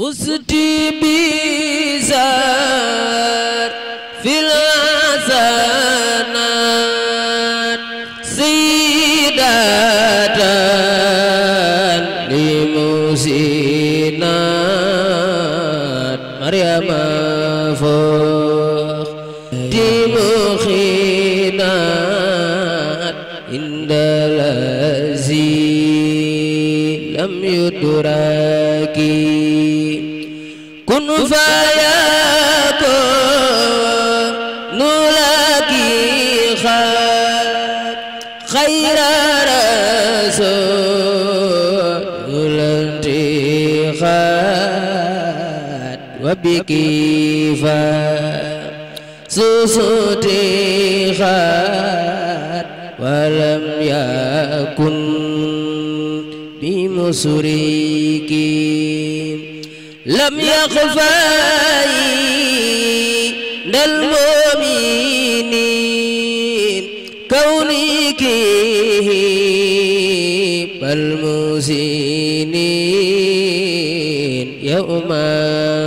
فزت بزار في الحسنات سيدة لمسينات مريم فوق دمخينات عند الذي لم يدركي nu fayaakoo nu laaki xayra rasuulanti xaat wa biki fa suusuti xaat walam yakun bi musuri لم يخفاي للمؤمنين كونك بالمزينين يوم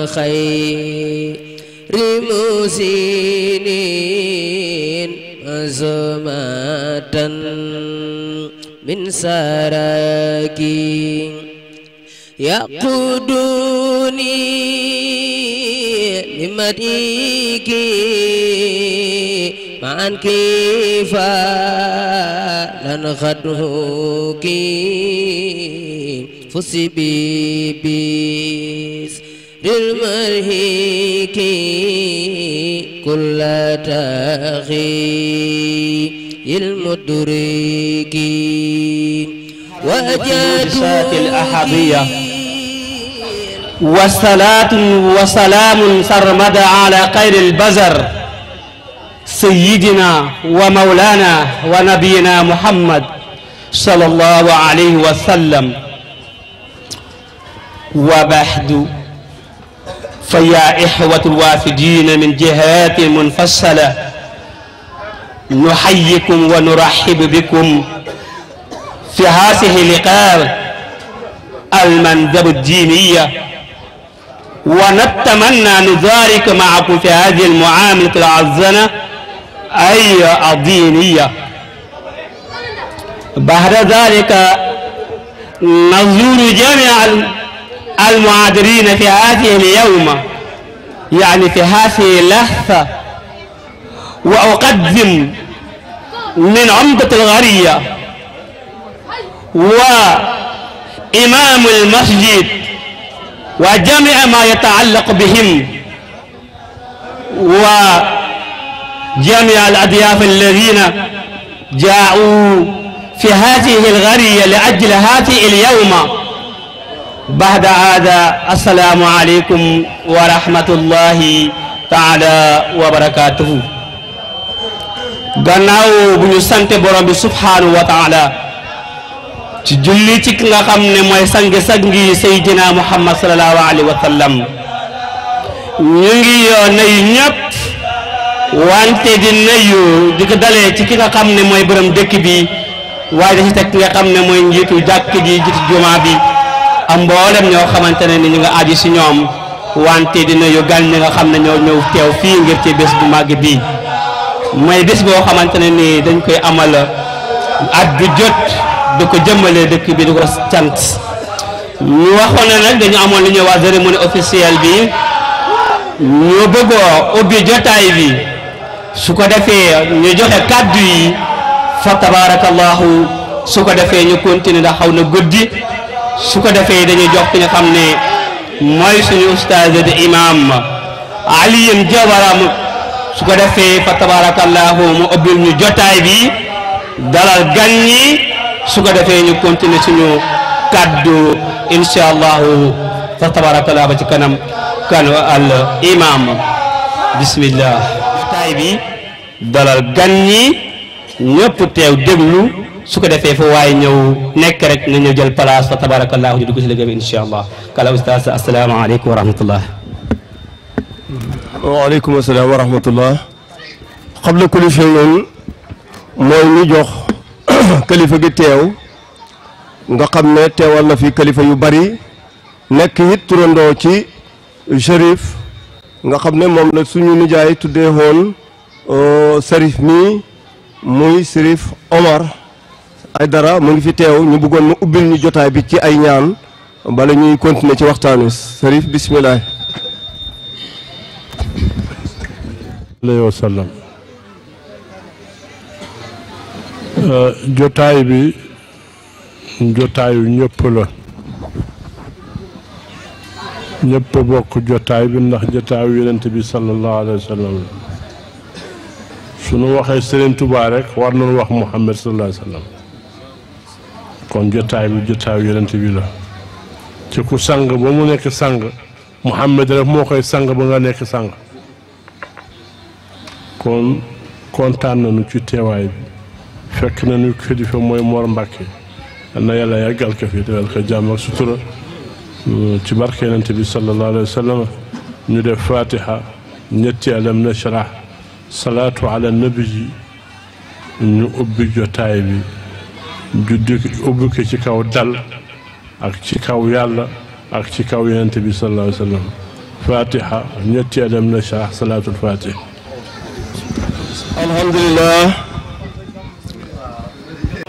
خير مزينين مزمة من سراكي يقود يغني لمديك مع كيف لن خدوك فسي بيس للمرهيك كل تخي المدرك وأجاد الأحبية wasalaatun wa salaamun sarmada ala xayri albazar sayidina wa mawlana wa nabiyina muhammad sallallahu alayhi wa sallam wa baxdu fa yaa ixwatu alwaafidina min jihatin munfasala nuxayikum wa nuraxibu bikum fi haasihi liqaa almandabu diiniya ونتمنى نشارك معكم في هذه المعاملة العظيمة أي عظيمية بعد ذلك نزور جميع المعادرين في هذه اليوم يعني في هذه اللحظة وأقدم من عمدة الغرية وإمام المسجد wa jamia ma yataallaq bihim wa jamia al adyaf alladina jaau fi hadihi algariya li ajli hadihi alyawma bada hada assalaamu aleykum wa rahmatullahi taala wa barakatuhu gannaaw bu ñu sante borom bi subhanahu wa taala ci julli ci ki nga xam ne mooy sangi-sang yi saydina muhammad sallallahu alayhi wa ñu ngi yoon nayu ñëpp wante di nayu di ko dalee ci ki nga xam ne mooy borom dëkk bi waaye da ci teg ki nga xam ne mooy njiitu jàkk ji jiitu jumaa bi am mboolem ñoo xamante ne ni ñu nga aji si ñoom wante di nayu gan ñi nga xam ne ñoo ñëw teew fii ngir ci bés bu màgg bi mooy bés boo xamante ne ni dañ koy amal at bu jot di ko jëmmalee dëkk bi di ko cant ñu waxoon nag dañu amoon li ñuy wax cérémonie officielle bi ñu bëggoo ubbi jotaay bi su ko defee ñu joxe kàddu yi fa tabarakallahu su ko defee ñu continuer da xaw na guddi su ko defee dañuy jox ki nga xam ne mooy suñu ustaaz di imam Aliyun Jawara su ko defee fa tabarakallahu mu ubbil ñu jotaay bi dalal gan su ko defee ñu continuer suñu kaddu incha allahu fa tabarakallah ba ci kanam kan al imam bismillah taay bi dalal gan ñi ñëpp teew déglu su ko defee fa waaye ñëw nekk rek na ñëw jël place fa tabarakallahu ñu dugg ci liggéey bi incha allah kala oustaz asalaamaaleykum wa rahmatullah waaleykum asalaam wa rahmatullah qabla kulli shay'in mooy ñu jox kilifa gi teew nga xam ne teewal na fi kilifa yu bari nekk it turandoo ci Chérif nga xam ne moom la suñu nijaay tuddee woon euh, Chérif mi muy Chérif Omar dara mu ngi fi teew ñu buggoon mu ubbil ñu jotaay bi ci ay ñaan bala ñuy continuer ci waxtaan wi Chérif bisimilah. alayhi Euh, jotaay bi jotaayu ñëpp la ñëpp bokk jotaay bi ndax jotaayu yonent bi sallallahu alayhi su nu la suñu waxee Serigne Touba rek war nañu wax Muhammad sallallahu alayhi wa kon jotaay bi jotaayu yonent bi la ci ku sang ba mu nekk sang Muhammad rek moo koy sang ba nga nekk sang kon kontaan nañu ci teewaay bi fekk na nu kilifa mooy Mor Mbàkke na yàlla yàggal ko fi defal ko jàmm mm, ci barke yonent bi sallallahu alayhi wa sallam ñu def fatiha ñetti alam nashrah salaatu ala nabi ji ñu ubbi jotaay bi juddi ubbi ko ci kaw dal ak ci kaw yàlla ak ci kaw yonent bi sallallahu alayhi wa sallam fatiha ñetti alhamdulillah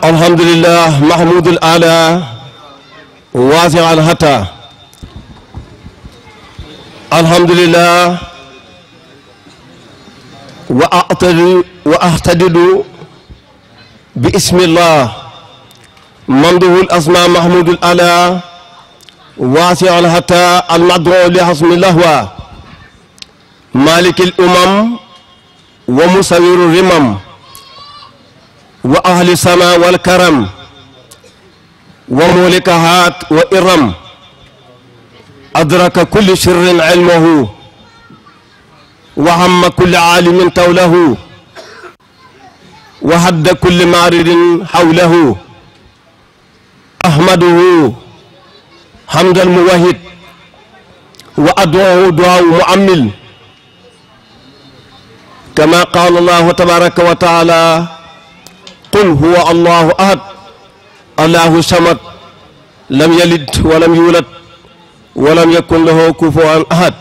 alhamdulillah mahmudul ala waasi al hata alhamdulillah wa atadilu wa ahtadilu bi ismillah mamduhul asma mahmudul ala waasi al hata al madru li hasmi lahwa malikil umam wa musawiru rimam wa ahli sama wal karam wa mulikahaat wa iram adraka kulli sirrin ilmahu wa hamma kulli aalimin tawlahu wa hadda kulli maaridin hawlahu ahmaduhu hamdal muwahid wa aduwahu duwaaw muammil kama qaala allahu tabaraka wa taala qul huwa allahu ahad allahu samad lam yalid walam yulad walam yakun lahu kufuwan ahad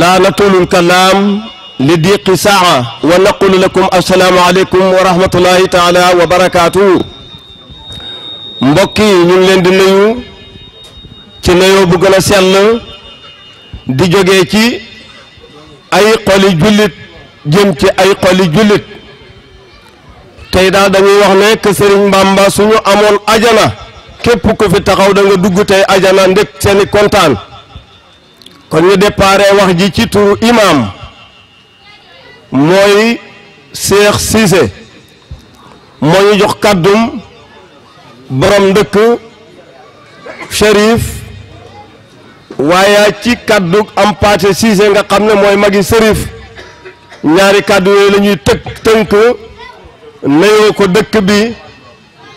laa natulul kalaam li diqi saa wa naqulu lakum assalaamu aleykum wa rahmatullahi taala wa barakaatu mbokk yi ñu ngi leen di nuyu ci nuyoo bu gën a sell di jógee ci ay xoli jullit jëm ci ay xoli jullit tey daal dañuy wax ne que Serigne Mbamba suñu amoon ajana képp ku fi taxaw da nga dugg tey ajana ndég seeni kontaan kon ñu déparé wax ji ci turu imam mooy Cheikh Cissé moo ñu jox kàddum borom ndëkk Chérif waaye ci kàddu am pate Cissé nga xam ne mooy magi Chérif ñaari kàddu lañuy la tënk nayoo ko dëkk bi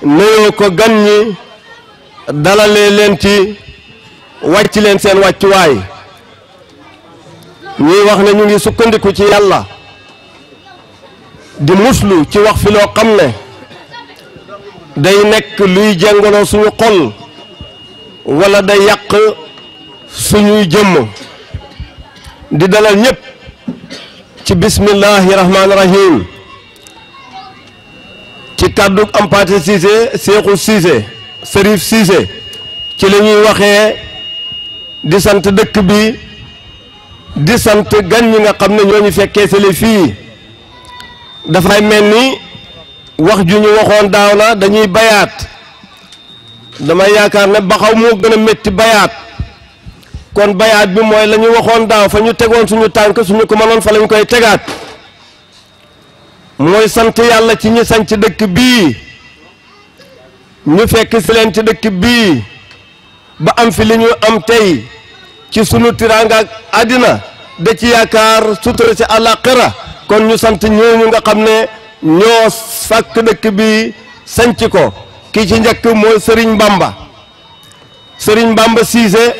nayoo ko gan ñi dalalee leen ci wàcc leen seen wàccuwaay ñuy wax ne ñu ngi sukkandiku ci yàlla di muslu ci wax fi loo xam ne day nekk luy jàngaloo suñu xol wala day yàq suñuy jëmm di dalal ñépp ci bismillahi rahmaani rahim ci kàddu Hampâté Cissé Seexu Cissé Sërif Cissé ci la ñuy waxee di sant dëkk bi di sant gan yi nga xam ne ñoo ñu fekkee sele fii dafay mel ni wax ju ñu waxoon daaw la dañuy bayaat damay yaakaar ne baxaw moo gën a metti bayaat kon bayaat bi mooy la ñu waxoon daaw fa ñu tegoon suñu tànk suñu ko mënoon fa lañ koy tegaat mooy sant yàlla ci ñi sanc dëkk bii ñu fekk si ci dëkk bii ba am fi li ñu am tey ci sunu tiraangaak àddina de ci yaakaar sutura si àllaaxira kon ñu sant ñooñu nga xam ne ñoo sàkk dëkk bi sanc ko ki ci njëkk mooy Serigne Bamba Serigne Bamba Cissé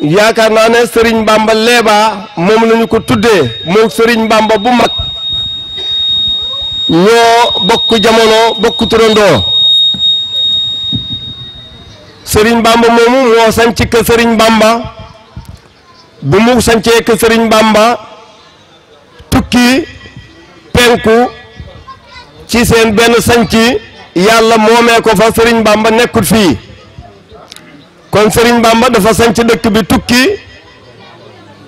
yaakaar naa ne Serigne Bamba Leeba moom lañu ko tuddee moom Serigne Bamba bu mag ñoo bokk jamono bokk turandoo Serigne Bamba moomu moo sanc kër Serigne Bamba bu mu sancee kër Serigne Bamba tukki penku ci seen benn sanc yàlla moomee ko fa Serigne Bamba nekkul fii kon Serigne Bamba dafa sanc dëkk bi tukki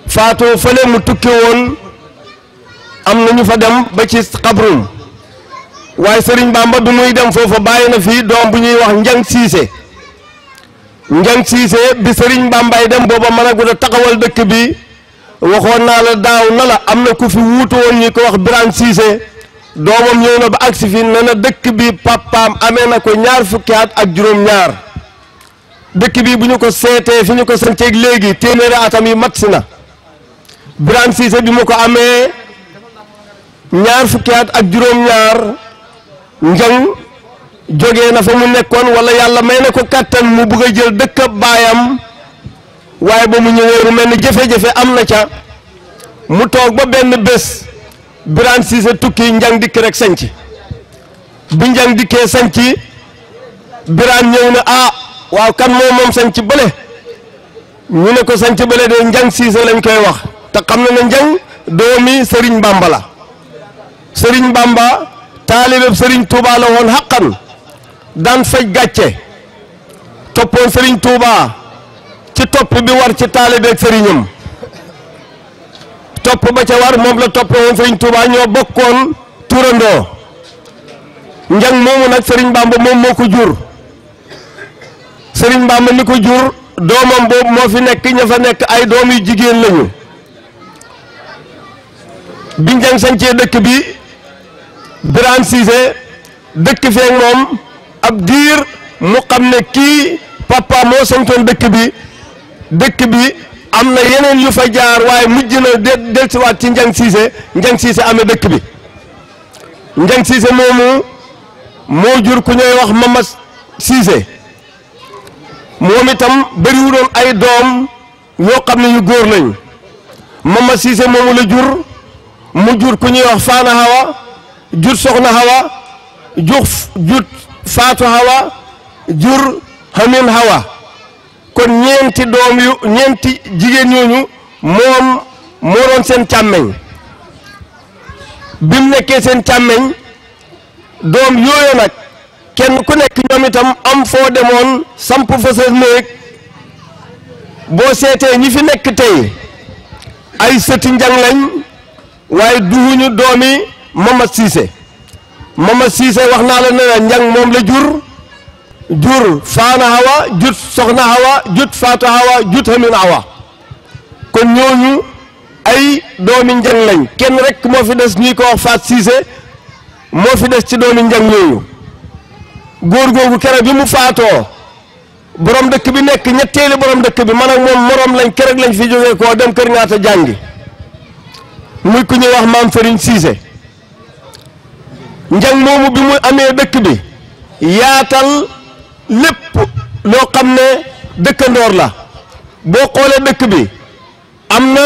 faatoo fële mu tukki woon am na ñu fa dem ba ci xabrum waaye Serigne Bamba du muy dem foofa bàyyi na fii doom bu ñuy wax njang siise njang siise bi Serigne Bambay dem booba mën a gudd taxawal dëkk bi waxoon naa la daaw na la am na ku fi wuutu woon ñi ko wax Birane Siise doomam ñëw na ba agsi fi ne dëkk bi papaam amee na ko ñaar fukki at ak juróom-ñaar dëkk bi bu ñu ko seetee fu ñu ko santeeg léegi téeméeri atam yi matsi na Birane Cissé bi mu ko amee ñaar fukki at ak juróom-ñaar njang jógee na fa mu nekkoon wala yàlla may na ko kàttan mu bëgg a jël dëkk baayam waaye ba mu ñëwee mel ni jafe-jafe am na ca mu toog ba benn bés Birane Cissé tukki njang dikk rek sanc bi njang dikkee sanc Birane ñëw na ah waaw kan moom moom sañ ci bële ñu ne ko sañ ci bële de njang siise lañ koy wax te xam na ne njang doomi sëriñ bamba la sëriñ bamba taalibeb sëriñ tuuba la woon xaqan daan faj gàcce toppoon sëriñ tuuba ci topp bi war ci taalibeeg sëriñam topp ba ca war moom la toppe woon sëriñ tuuba ñoo bokkoon turandoo njang moomu nag sëriñ bamba moom moo ko sëriñ Bamba ni ko jur doomam boobu moo fi nekk ña fa nekk ay doom yu jigéen lañu biñ jàng sancee dëkk bi Birane Cissé dëkk feek moom ab diir mu xam ne ki papa moo santoon dëkk bi dëkk bi am na yeneen yu fa jaar waaye mujj na de delsiwaat ci Njang Cissé Njang Cissé amee dëkk bi Njang Cissé moomu moo jur ku ñuy wax Mama Cissé moom itam bëriwuloon ay doom ñoo xam ne góor lañ mama siise moomu la jur mu jur ku ñuy faana hawa jur soxna hawa jur jur faatu hawa jur hamin hawa kon ñeenti doom yu ñeenti jigéen ñooñu moom moo seen càmmeñ bi mu nekkee seen càmmeñ doom yooyu nag kenn ku nekk ñoom itam am foo demoon samp fa sa néeg boo seetee ñi fi nekk tey ay sëti njàng lañ waaye duhuñu doomi Mama Cissé Mama Cissé wax naa la ne njàng moom la jur jur faana hawa jut soxna hawa jut faata hawa jut hamin hawa kon ñooñu ay doomi njàng lañ kenn rek moo fi des ñuy ko wax Faat Cissé moo fi des ci doomi njàng ñooñu góor googu keroog bi mu faatoo borom dëkk bi nekk ñetteeli borom dëkk bi man ak moom morom lañ keroog lañ fi jógee koo dem kër ñaata jàngi muy ku ñuy wax maam Fariñ Siise njàng moomu bi mu amee dëkk bi yaatal lépp loo xam ne dëkkandoor la boo xoolee dëkk bi am na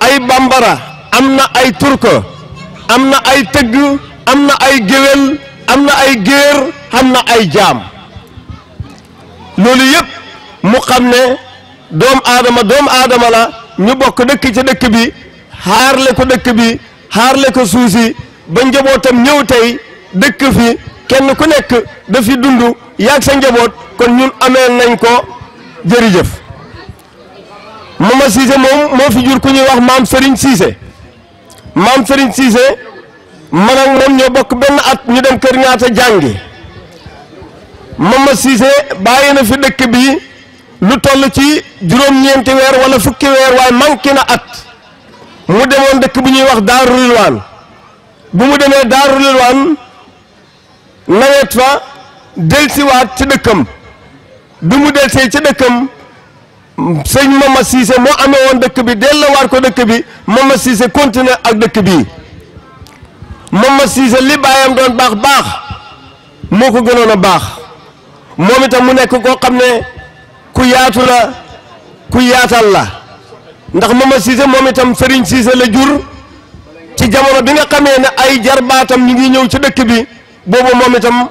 ay bambara am na ay turka am na ay tëgg am na ay géwél am na ay géer am na ay jaam loolu yëpp mu xam ne doom aadama doom aadama la ñu bokk dëkk ci dëkk bi xaarle ko dëkk bi xaarle ko suusi ba njabootam ñëw tey dëkk fi kenn ku nekk dafi dund yaag sa njaboot kon ñu amee nañ ko jërëjëf mama Cissé moom moo fi jur ku ñuy wax maam Serigne Cissé maam Serigne Cissé man ak moom ñoo bokk benn at ñu dem kër ñaata jàngi Mama Cissé bàyyi na fi dëkk bi lu toll ci juróom-ñeenti weer wala fukki weer waaye manqué na at mu demoon dëkk bi ñuy wax Daaru Rilwaan bu mu demee Daaru Rilwaan nawet fa delsiwaat ci dëkkam bi mu delsee ci dëkkam sëñ Mama Cissé moo amee woon dëkk bi dellowaat ko dëkk bi Mama Cissé continué ak dëkk bii Mamad Cissé li baayam doon baax baax moo ko gënoon a baax moom itam mu nekk koo xam ne ku yaatu la ku yaatal la ndax Mamad Cissé moom itam Serigne Cissé la jur ci jamono bi nga xamee ne ay jarbaatam ñu ngi ñëw ci dëkk bi boobu moom itam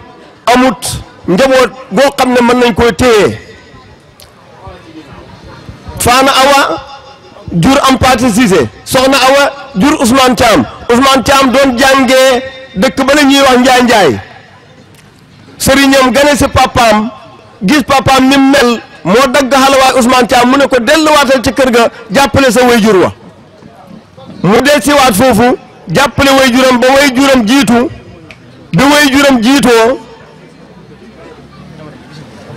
amut njaboot goo xam ne mën nañ koo téye faana awa jur Ampati Cissé soxna Awa jur Ousmane Thiam Ousmane Thiam doon jàngee dëkk ba la ñuy wax Njaay Njaay sëriñam gane si papaam gis papaam ni mel moo dagg xalawaay Ousmane Thiam mu ne ko delluwaatal ci kër ga jàppale sa way jur wa mu del siwaat foofu jàppale way juram ba way juram jiitu bi way juram jiitoo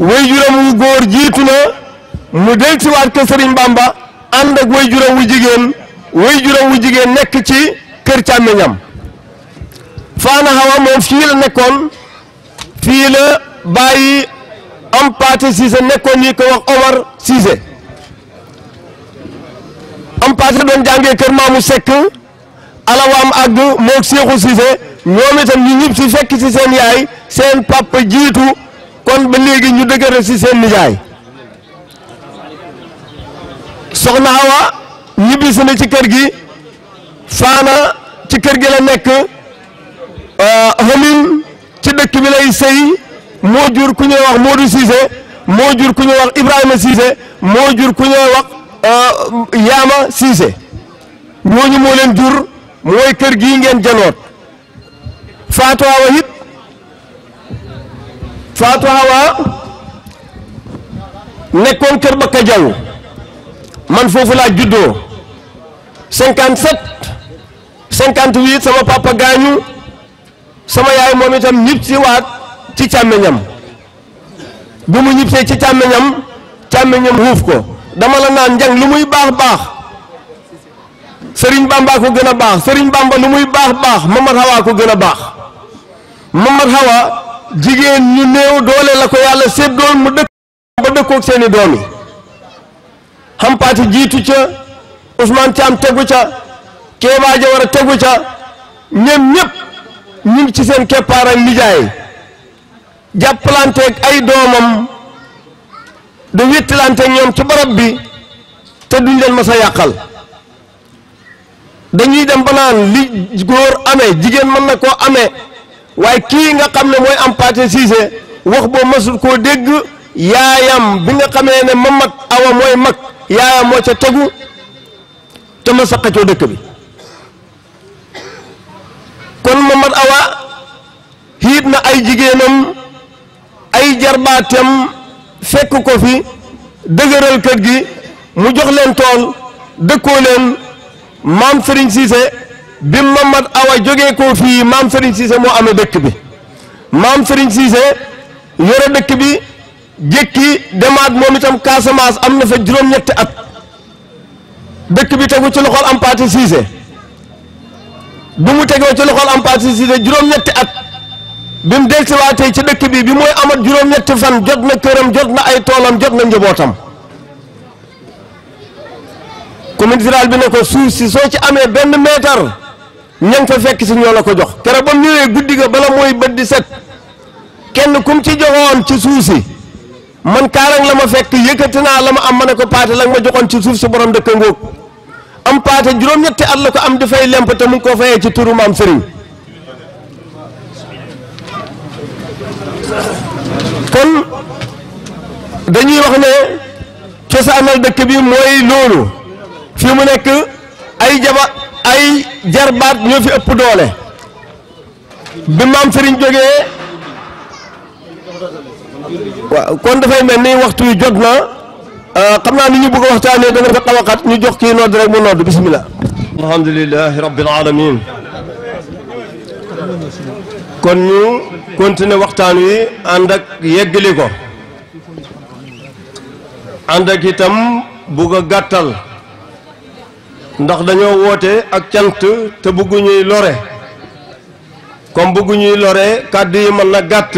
way juram wu góor jiitu na mu del siwaat ke sëriñ Bamba ànd ak way juróom wu jigéen way juróom wu jigéen nekk ci kër càmmiñam faana xawa moom fii la nekkoon fii la bàyyi am paate siise nekkoon ñi ko wax Omar siise am paate doon jàngee kër maamu sekk alawaam àgg moog seexu siise ñoom itam ñu ñëpp si fekk si seen yaay seen papa jiitu kon ba léegi ñu dëgëral si seen nijaay soxna Awa ñibbisi ci kër gi faana ci kër gi la nekk Hamine euh, ci dëkk bi sëy moo jur ku ñuy wax Modou Cissé moo jur ku ñuy wax Ibrahima Cissé moo jur ku ñuy wax euh, Yaama Cissé ñooñu moo leen jur mooy kër gii ngeen janoot Fatou Awa it Fatou Awa nekkoon kër Bakka Diaw man foofu laa juddoo 57 58 sama papa gaañu sama yaay moom itam ñib si waat ci càmmeñam bu mu ñib see ci càmmeñam càmmeñam xuuf ko dama la naan njang lu muy baax baax Sëriñ Bamba ko gën a baax Sëriñ Bamba lu muy baax baax Mamar Hawa ko gën a baax Mamar Hawa jigéen ñu néew doole la ko yàlla séddoon mu dëkk ba dëkkook seeni doom Hampaate jiitu ca Ousmane Thiam tegu ca Kéba ja war a tegu ca ñoom ñëpp ñu ngi ci seen keppaar ak lijaay jàppalanteeg ay doomam da wéttilanteeg ñoom ci barab bi te duñ leen mës a yàqal dañuy dem ba naan li góor amee jigéen man na koo amee waaye kii nga xam ne mooy am Hampaate Cissé wax boo mësul koo dégg yaayam bi nga xamee ne mamat awa mooy mag yaayam moo ca tegu te ma sa xëccoo dëkk bi kon Mamad Awa xiit na ay jigéenam ay jarbaatem fekk ko fi dëgëral kër gi mu jox leen tool dëkkoo leen maam Serigne Cissé bi Mamad Awa jógee ko fii maam Serigne Cissé moo amee dëkk bi maam Serigne Cissé yore dëkk bi. jékki demaat moom itam Casamance am na fa juróom-ñetti at dëkk bi tegu ci loxol Hampâté Cissé bi mu tegoo ci loxol Hampâté Cissé juróom-ñetti at bi mu delsiwaatee ci dëkk bi bi mooy amat juróom-ñetti fan jot na këram jot na ay toolam jot na njabootam fi rurale bi ne ko suuf si soo ci amee benn meetar ña nga fa fekk si ñoo la ko jox keroog ba mu ñëwee guddi ga bala mooy bët di set kenn kum ci joxoon ci suuf man kaarang la ma fekk yëkkati naa la ma am ma ne ko paate la ma joxoon ci suuf si borom dëkk ngóog am paate juróom-ñetti at la ko am di fay lemp te mu koo fayee ci turu maam sëriñ kon dañuy wax ne cosaanal dëkk bi mooy loolu fi mu nekk ay jaba ay jarbaat ñoo fi ëpp doole bi maam sëriñ jógee waaw kon dafay mel ni waxtu wi jot na euh, xam naa ni ñu bëgg a waxtaanee danga dafa xaw a xat ñu jox kii nodd rek mu nodd bisimilah. alhamdulilah rabbil alamin kon ñu continuer waxtaan wi ànd ak yeggali ko ànd ak itam bugg a gàttal ndax dañoo woote ak cant te bëggu ñuy lore comme bëggu ñuy lore kàddu yi mën na gàtt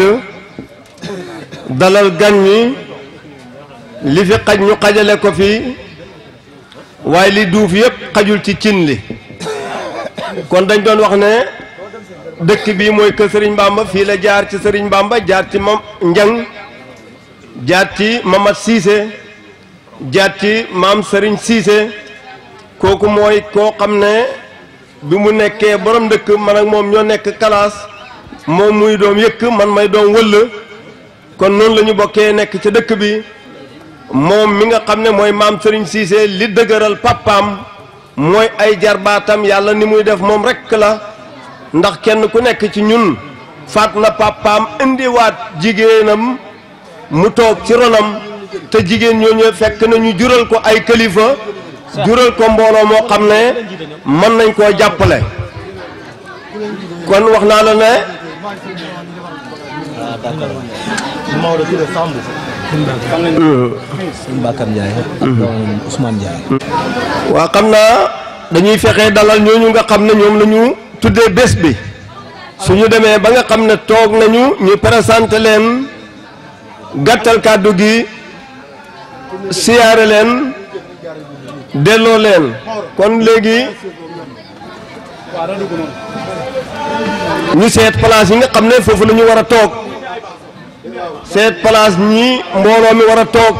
dalal gan ñi li fi xaj ñu xajale ko fii waaye li duuf yépp xajul ci cin li kon dañ doon wax ne dëkk bii mooy kër Serigne Bamba fii la jaar ci Serigne Bamba jaar ci ma Njang jaar ci Mamat Cissé jaar ci maam sëriñ Cissé kooku mooy koo xam ne bi mu nekkee borom dëkk man ak moom ñoo nekk kalaas moom muy doom yëkk man may doom wëll kon noonu lañu bokkee nekk ca dëkk bi moom mi nga xam ne mooy maam Serigne Cissé li dëgëral papaam mooy ay jarbaatam yàlla ni muy def moom rekk la ndax kenn ku nekk ci ñun faat na papaam indiwaat jigéenam mu toog ci ronam te jigéen ñooñu fekk nañu jural ko ay kilifa jural ko mbooloo moo xam ne mën nañ koo jàppale kon wax naa la ne Maodo tuddee Samb. sëñ mhm. mhm. waa xam naa dañuy fexe dalal ñooñu nga xam ne ñoom lañu ñu tuddee bés bi su ñu demee ba nga xam ne toog nañu ñu présenté leen gàttal kàddu gi siyaare leen delloo leen kon léegi ñu seet place yi nga xam ne foofu la ñu toog. seet palaas ñi mbooloo mi war a toog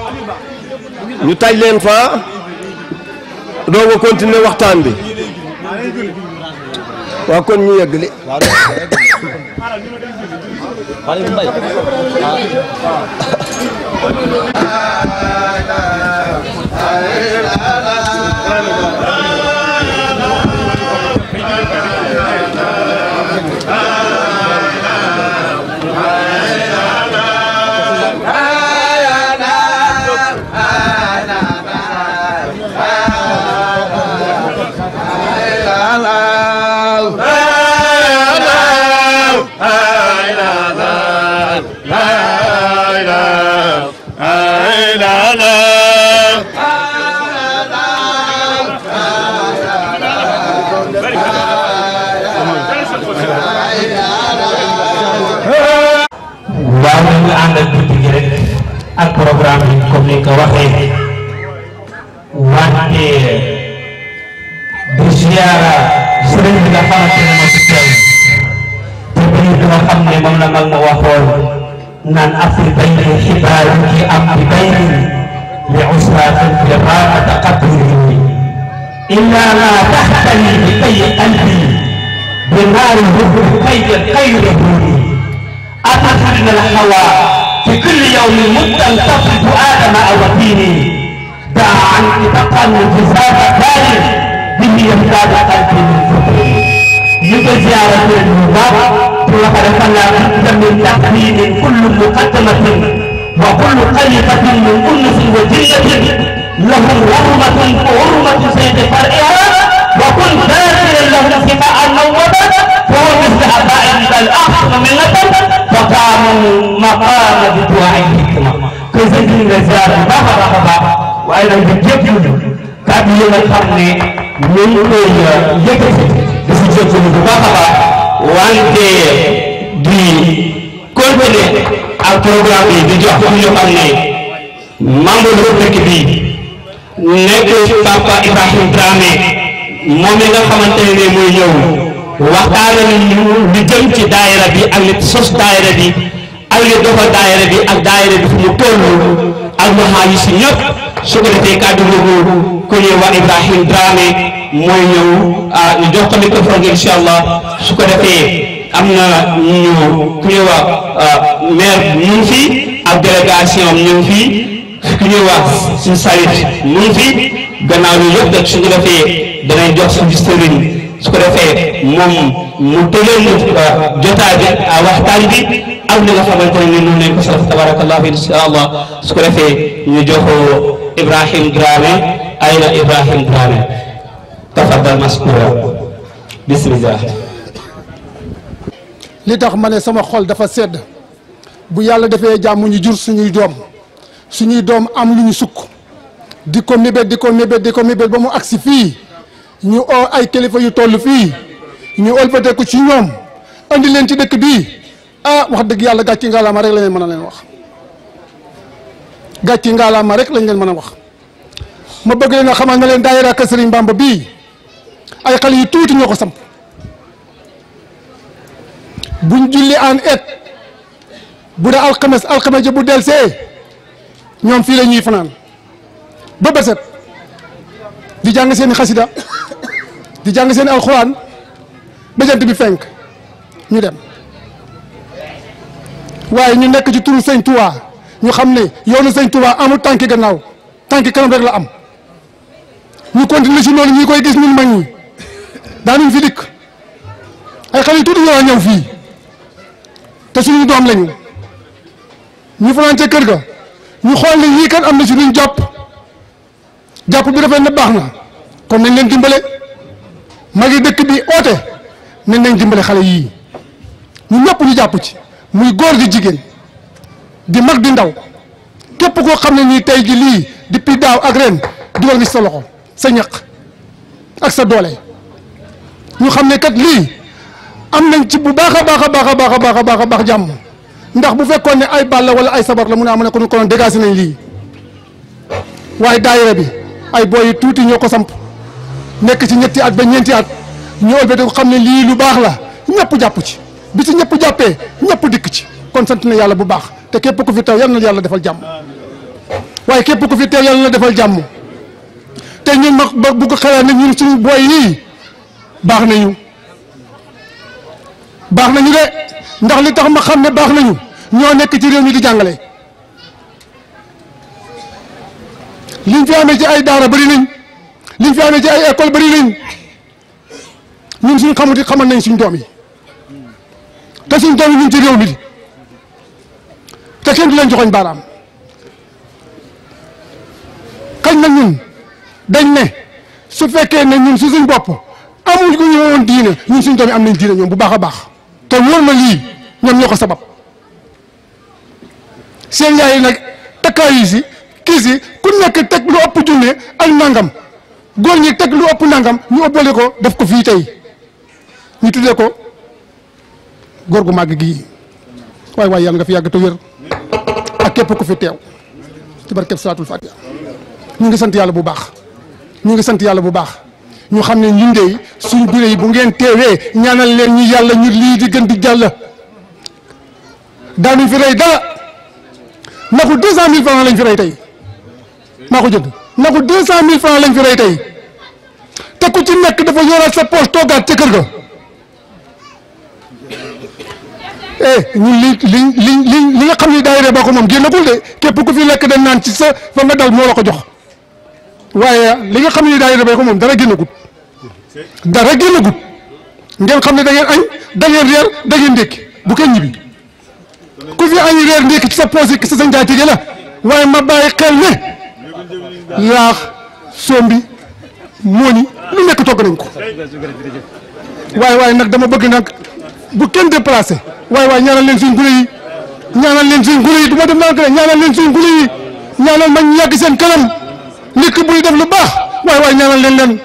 ñu taj leen fa doo nga continuer waxtaan bi waaw kon ñu yeggali ànd ak guddi gi rek ak programme bi comme ni nga ko waxee wante di ziara sëriñ bi nga xamante ne moo ci teew te bii bi nga xam ne moom la mag ma waxoon naan afri bay bi xibaar yi am bi bay bi li usratin jamaata qatri illa ma taxtani bi tay qalbi bi naari xub xayr xayr أتسجن الهوى في كل يوم مدا تصف آدم أو ديني دع عنك تقن حساب كارم به يزداد قلبي من فتي يجزي على كل المبارك ولقد خلى بد من تقديم كل مقدمة وكل قلقة من أنس وجنة له حرمة كحرمة سيد فرعها وكن ذاكرا له ابتداء اول فهو مثل ابائهم بل احسن منه فقاموا مقام بدوع الحكمه كزين نزار بابا بابا وانا بجد kàddu yi nga xam ne ñu ngi koy yëkkati di si jëkkëru bu baax a baax wante di continuer ak programme bi di jox ñu xam ne membre bu dëkk bi nekk papa Ibrahima Dramé moom mi nga xamante ne muy ñëw waxtaanal ñu lu jëm ci daayira bi ak li sos daayira bi ak li doxal daayira bi ak daayira bi fu mu toll ak maxaayi si ñëpp su ko defee kàddu googu ku ñuy wax Ibrahim Dramé mooy ñëw ah, ñu jox ko microphone gi incha allah su ko defee am na ñu ku ñuy wax ah, maire fi ak délégation ñu fi ku ñuy wax suñu sarit mu ngi fi gannaaw ñu yëpp nag suñu defee danañ su ko defee moom mu tëjee ñu euh, jotaay bi à euh, waxtaan bi ak li nga xamante ne noonu lañ ko tabarakallahu insha allah su ko defee ñu joxoo Ibrahim Dramé ayna Ibrahim Dramé tafaddal maskura bismillah li tax ma ne sama xol dafa sedd bu yàlla defee jàmm ñu jur suñuy doom suñuy doom am lu ñu sukk di ko mébét di ko mébét di ko mébét ba mu agsi fii ñu oo ay kilifa yu toll fii ñu ko ci ñoom andi leen ci dëkk bii ah wax dëgg yàlla gàcci ngaalaama rek lañ leen mën a leen wax gàcci ngaalaama rek lañ leen mën a wax ma bëgg leen a xamal na leen daayira Kër Sëriñ Bamba bii ay xale yu tuuti ñoo ko samp buñ julli aan et bu da alxames alxames ja bu delsee ñoom fii la ñuy fanaan ba bëset di jàng seeni xasida di jàng seen i alxuraan ba jant bi fenk ñu dem waaye ñu nekk ci turu sëñ Touba ñu xam ne yoonu sëñ Touba amul tànki gannaaw tànki kanam rek la am ñu continuer ci loolu ñi koy gis ñun mag ñi daanuñ fi dikk ay xale yu tuuti ñoo ñëw fii te suñu doom lañu ñu fanaan ca kër ga. ñu xool ne yii kan am na si luñ jàpp jàpp bi rafet na baax na kon nañ leen dimbale magi dëkk bi oote nañ leen dimbale xale yii ñu ñëpp ñu jàpp ci muy góor di jigéen di mag di ndaw képp koo xam ne nii tey ji lii depuis daaw ak ren dugal nga si sa loxo sa ñaq ak sa doole ñu xam ne kat lii am nañ ci bu baax a baax a baax a baax a baax a baax jàmm ndax bu fekkoon ne ay bal la wala ay sabar la mu ne am ne ko konoon dégagé nañ lii waaye daayira bi ay booy yi tuuti ñoo ko samp nekk ci ñetti at ba ñeenti at ñu ëlbati ko xam ne lii lu baax la ñëpp jàpp ci bi ci ñëpp jàppee ñëpp dikk ci kon sant na yàlla bu baax te képp ku fi taw yal na yàlla defal jàmm waaye képp ku fi teew yal na defal jàmm te ñun ma bu ko xalaat ne ñun suñu booy yii baax nañu baax nañu de. ndax li tax ma xam ne baax nañu ñoo nekk ci réew mi di jàngale liñ fi amee ci ay daara bëri nañ liñ fi amee ci ay école bëri nañ ñun suñ xamuti xaman nañ suñ doom yi te suñ doom yi ñu ci réew mi te kenn du leen joxoñ baaraam kañ na ñun dañ ne su fekkee ne ñun si suñ bopp amul ku ñu woon diine ñun suñ doom yi am nañ diine ñoom bu baax a baax te wóor ma lii ñoom ñoo ko sabab seen yaay nag takkaay yi si kii si ku nekk teg lu ëpp junne ak nangam góor ñi teg lu ëpp nangam ñu ëppale ko def ko fii tey ñu tuddee ko góor gu màgg gii waaye waay yàlla nga fi yàgg te wér ak képp ku fi teew ci barkeb salaatul fatiha ñu ngi sant yàlla bu baax ñu ngi sant yàlla bu baax ñu xam ne ñun de suñ gune yi bu ngeen teewee ñaanal leen ñu yàlla ñu lii di gën di jàll daanuñ fi rey dara naku deux cent mille francs lañ fi rey tey maa ko jënd naku deux cent mille francs lañ fi rey tey te ku ci nekk dafa yoral sa poche toogaat ca kër ga e ñun li li li li li nga xam ne daayira ba ko moom génnagul de képp ku fi lekk dañ naan ci sa fa nga dal moo la ko jox waaye li nga xam ne daay dafay ko moon dara génnagut dara génnagut ngeen xam ne da ngeen añ da ngeen reer da ngeen ndékki bu kenn ñibbi ku fi añ reer ndékki ci sa poos ki sa sa njaatige la waaye ma bàyyi xel ne laax sombi mooni lu nekk togg nañ ko waaye waaye nag dama bëgg nag bu kenn déplacé waaye waaye ñaanal leen suñ gune yi ñaanal leen suñ gune yi du ma dem naa ko ñaanal leen suñ gune ma ñu yàgg seen kanam nekk buy def lu baax waaye waaye ñaanal leen leen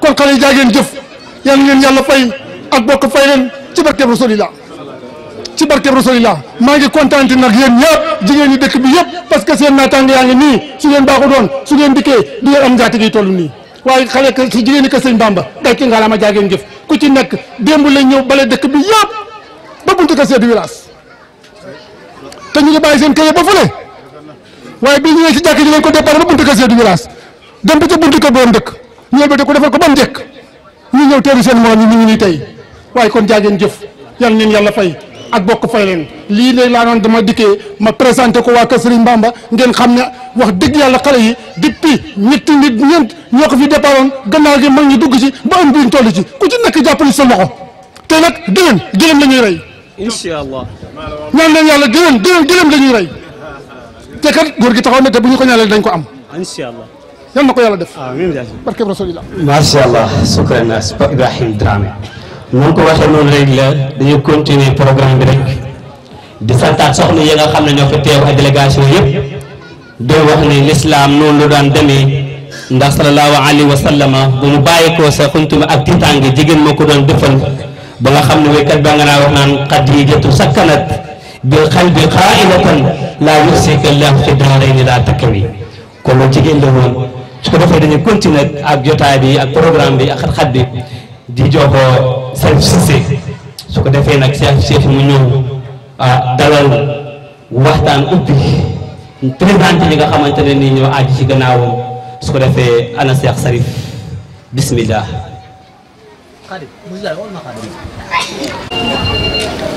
kon xale yi jaageen jëf yal na leen yàlla fay ak bokk fay leen ci barkeb rasulillah ci barkeb rasulillah maa ngi kontaante nag yéen ñëpp jigéen ñi dëkk bi yëpp parce que seen naataango yaa ngi nii su ngeen baaxu doon su ngeen dikkee du ngeen am njaati gi toll nii waaye xale que si jigéen ñi que sëñ Bamba day ki la ma jaageen jëf ku ci nekk démb la ñëw bale dëkk bi yëpp ba buntu ka seedu wilaas te ñu ngi bàyyi seen këye ba fële waaye bi ñëwee ci jàkk ji lañ ko départ ba buntu kër chef du village dem ba ca buntu kër borom dëkk ñëw ba ko defal ko ba mu njëkk ñu ñëw teeru seen morom yi ñu ngi nii tey waaye kon jaageen jëf yal neen yàlla fay ak bokk fay leen lii lay laa noon ma dikkee ma présenté ko waa kër Serigne Bamba ngeen xam ne wax dëgg yàlla xale yi depuis ñetti nit ñeent ñoo ko fi départoon gannaaw gi mag ñi dugg ci ba am biñ toll ci ku ci nekk jàppale sa loxo te nag gëlëm gëlëm la ñuy rey incha allah ñaan leen yàlla gëlëm gëlëm gëlëm la ñuy rey te kat góor gi taxaw na te bu ñu ko ñaanal dañ ko am. incha allah. yal na ko yàlla def. amiin barke rasulillah. macha allah sukran na Papa Ibrahim Dramé. nu ko waxee noonu dañu continuer programme bi rek. di santaat soxna yi nga xam ne ñoo fa teew ak délégation yëpp. doon wax ne lislaam noonu la daan demee. ndax sallallahu alayhi wa sallama bu mu bàyyi ko sa xuntuma ak tiitaange jigéen moo ko doon defal ba nga xam ne wéykat ba nga naa wax naan qad yi jotu sakkanat bil qalbi qaailatan laa yuxsika llaahu fi daarayni laa takwi kon loolu jigéen la woon su ko defee dañuy continuer ak jotaay bi ak programme bi ak xat-xat bi di joxoo Cheikh Cissé ko defee nag Cheikh Cissé mu a dalal waxtaan ubbi présenté ñi nga xamante ne nii ñoo ci gannaawam su ko defee ana Cheikh Sarif bismillah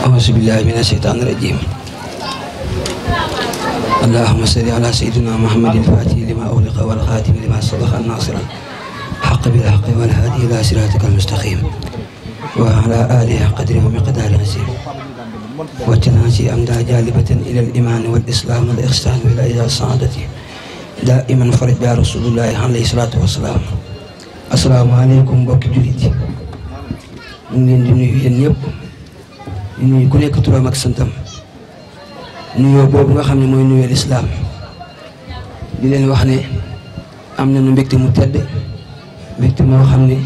auzu billahi mina shaytaani rajim allahuma salli ala sayidina muhammadin faatihi lima uxliqa wal xaatimi lima sabaqa nasira xaq bil xaq wal haadi ila siraatika almustaqim wa ala alihi qadri wa miqdaari aziim wajjalna si amda jaalibatan ila aliman wal islam wal ixsaan wa ila saadati daa'iman faraj yaa rasulullahi alayhi salaatu wa salaam asalaamaaleykum mbokki jullit yi ñu ngi leen di nuyu yéen ñëpp ñu nuyu ku nekk turam ak santam nuyoo boobu nga xam ne mooy nuyoo lislaam di leen wax ne am nañu mbégte mu tedd mbégte moo xam ne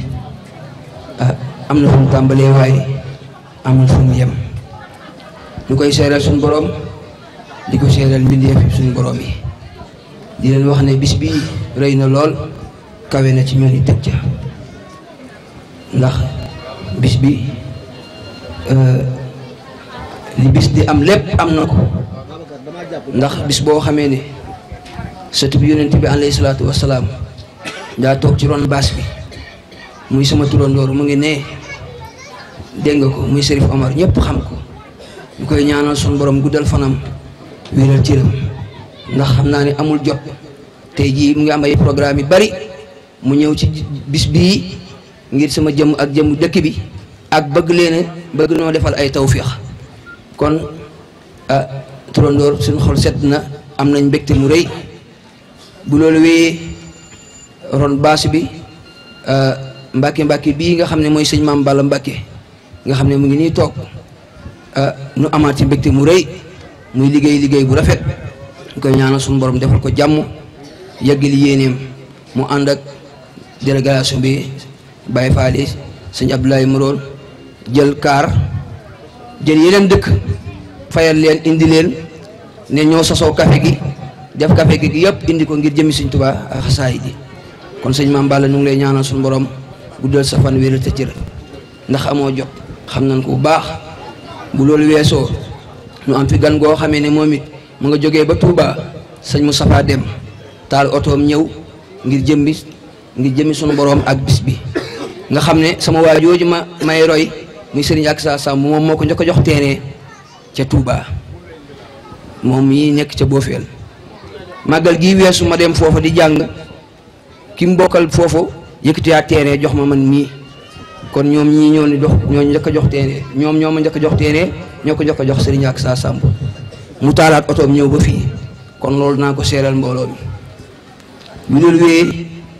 ah, am na fu mu am na fu yem ñu koy seeral suñu boroom di ko seeral mbindeef suñu boroom yi di leen wax ne bis bi rëy na lool kawe na ci ñu yi teg ca ndax bis bi euh, li bis di am lépp am na ko ndax bis boo xamee ni sët bi yonent bi alayhi salaatu wasalaam daa toog ci ron baas bi muy sama turandoor mu ngi nee dégg nga ko muy Serif Omar ñëpp xam ko ñu koy ñaanal suñu boroom guddal fanam wéral cëram ndax xam naa ni amul jot tey jii mu ngi am ay programme yu bari mu ñëw ci bis bii ngir sama jëm ak jëmu dëkk bi ak bëgg leen bëgg noo defal ay tawféex kon ah, turandoor suñu xol set na am nañ mbégte mu rëy bu loolu wéyee ron baas bi euh, mbàkke mbàkke bii nga xam ne mooy sëñ maam Balla Mbàkke nga xam ne mu ngi nii toog euh, nu amaat ci mbégte mu rëy muy liggéey liggéey bu rafet ñu koy ñaanal suñu borom defal ko jàmm yeggali yéeneem mu ànd ak délégation bi bay Faali sëñ Abdoulaye Moroon jël kaar jël yeneen dëkk fayal leen indi leen ne ñoo sosoo café gi def café gi yëpp indi ko ngir jëmi sëñ Tuubaa xasaay ji kon sëñ Maam Balla ñu ngi lay ñaanal suñu borom guddal sa fan wéral te cër ndax amoo jot xam nañ ko bu baax bu loolu weesoo ñu am gan goo xamee ne moom it mu nga jógee ba Touba sëñ Moustapha dem taal otoom ñëw ngir jëmbi ngir jëmmi sunu borom ak bis bi nga xam ne sama waa jooju ma may roy muy sëriñ ak saa saa moom moo ko njëkk a jox teenee ca Touba. moom yi nekk ca boofeel màggal gi weesu ma dem foofa di jàng ki mbokkal foofu foofa yëkkatiyaa jox ma man mii kon ñoom ñi ñoo ni dox ñoo njëkk jox teenee ñoom ñoo ma njëkk a jox teenee ñoo ko jox a jox sëriñ ak saa sàmb mu taalaat otoom ñëw ba fii kon loolu naa ko seeral mbooloom mi lu dul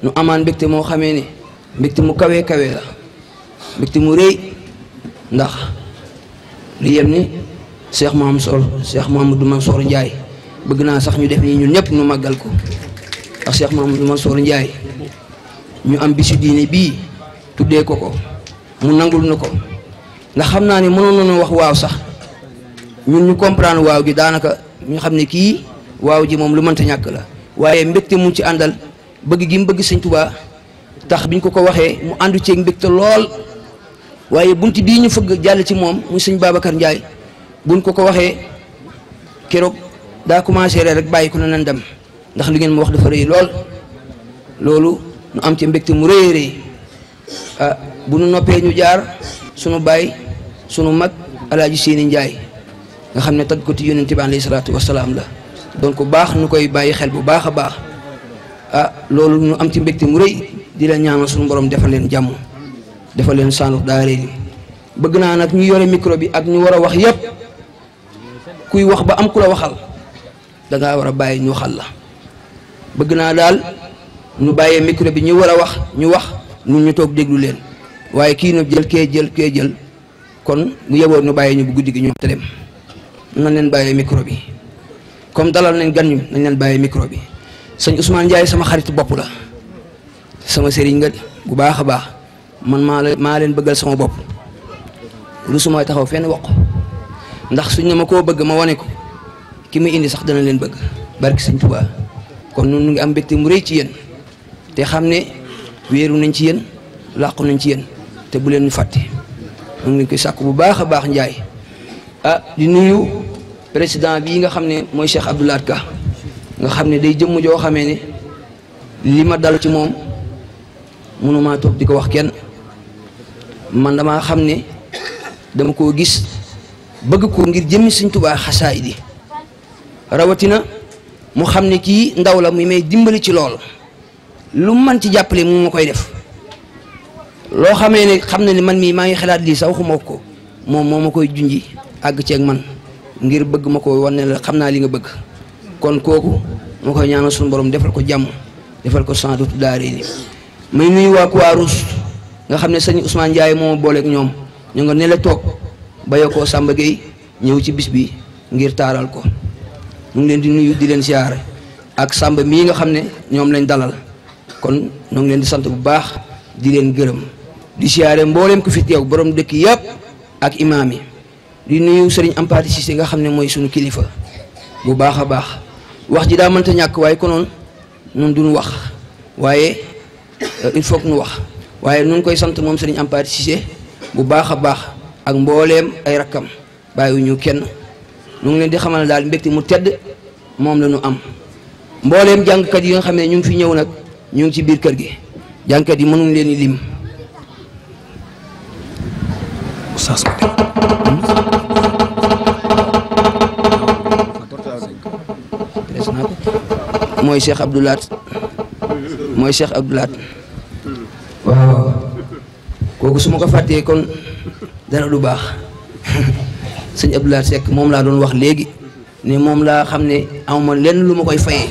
nu amaan mbégte moo xamee ne mbégte mu kawee kawe la mbégte mu rëy ndax lu yem ni Cheikh Mahamad Sol du Mahamadou Mansour Ndiaye bëgg naa sax ñu def nii ñun ñëpp ñu màggal ko ndax Cheikh Mahamadou Mansour Ndiaye ñu am bisu diine bii tuddee ko ko mu nangul na ko ndax xam naa ni mënoon nañu wax waaw sax ñun ñu comprendre waaw gi daanaka ñu xam ne kii waaw ji moom lu mënta ñàkk la waaye mbégte mu ci àndal bëgg gi mu bëgg sëñ Tuubaa tax biñ ko ko waxee mu àndu ceeg mbégte lool waaye bunt bii ñu fëgg jàll ci moom muy sëñ Babacar njaay buñ ko ko waxee keroog daa commencé rek bàyyi ko na nan dem ndax li ngeen ma wax dafa rëy lool loolu nu am ci mbégte mu rëy rëy ah, bu noppee ñu jaar sunu baay sunu mag alaaji seeni njaay nga xam ne tagg ko ci yonente bi alayhi salaatu wasalaam la donc baax nu koy bàyyi xel bu baax a baax ah loolu nu am ci mbégte mu rëy di la ñaanal sunu borom defal leen jàmm defal leen saanux daa réy bëgg naa nag ñu yore micro bi ak ñu war a wax yépp kuy wax ba am ku la waxal dangaa war a bàyyi ñu waxal la bëgg naa daal ñu bàyyee micro bi ñu war a wax ñu wax ñun ñu toog déglu leen waaye kii nu jël kee jël kee jël kon bu yeboon ñu bàyyee ñu bu guddi gi ñu te dem nañ leen bàyyee micro bi comme dalal nañ gan leen bàyyee micro bi sëñ Ousmane Ndiaye sama xaritu bopp la sama sëriñ nga bu baax a baax man maa leen maa leen bëggal sama bopp lu sumay taxaw fenn wax ndax suñ ne ma ko bëgg ma wane ko ki muy indi sax dana leen bëgg barki sëñ Tuubaa kon nun nu ngi am mbégte mu rëy ci yenn te xam ne wéeru nañ ci yéen làqu nañ ci yéen te bu leen ñu fàtte ñu ngi koy sàkku bu baax a baax njaay ah di nuyu président bii nga xam ne mooy Cheikh Abdou Lahad Ka nga xam ne day jëmm joo xamee ne li ma dal ci moom mënumaa toog di ko wax kenn man damaa xam ne dama koo gis bëgg ko ngir jëmmi sëñ tubaa xasaayid yi rawatina mu xam ne kii ndaw la mu may dimbali ci lool lu man ci jàppale mu ma koy def loo xamee ne xam na ne man mii maa ngi xalaat lii sax waxuma ko moom moo ma koy junji àgg ceeg man ngir bëgg ma ko wan la xam naa li nga bëgg kon kooku ma koy ñaanal suñu boroom defal ko jàmm defal ko sant daa daaree ni may nuyu waa Croix-Rouge nga xam ne sëñ Ousmane Ndiaye moo booleeg ñoom ñu nga ne la toog bayoo ko Samba Gueye ñëw ci bis bi ngir taaral ko ñu ngi leen di nuyu di leen siyaare ak Samba mii nga xam ne ñoom lañ dalal kon ñu ngi leen di sant bu baax di leen gërëm di siyaare mbooleem ku fi teew borom dëkk yëpp ak imaam yi di nuyu sëriñ Ampati Cissé nga xam ne mooy suñu kilifa bu baax a baax wax ji daa mënta ñàkk waaye konoon nun duñu wax waaye euh, il faut que nu wax waaye nun koy sant moom sëriñ Ampati Cissé bu baax a baax ak mbooleem ay rakkam ñu kenn ñu ngi leen di xamal daal mbégte mu tedd moom la ñu am mbooleem jàngkat yi nga xam ne ñu ngi fi ñëw nag ñu ngi ci biir kër gi jàngkat yi mënuñ leen di lim. mooy Cheikh Abdoulaat kooku su ma ko fàttee kon. dara du baax sëñ Abdoulaye Seck moom laa doon wax léegi ne moom laa xam ne amuma lenn lu ma koy fayee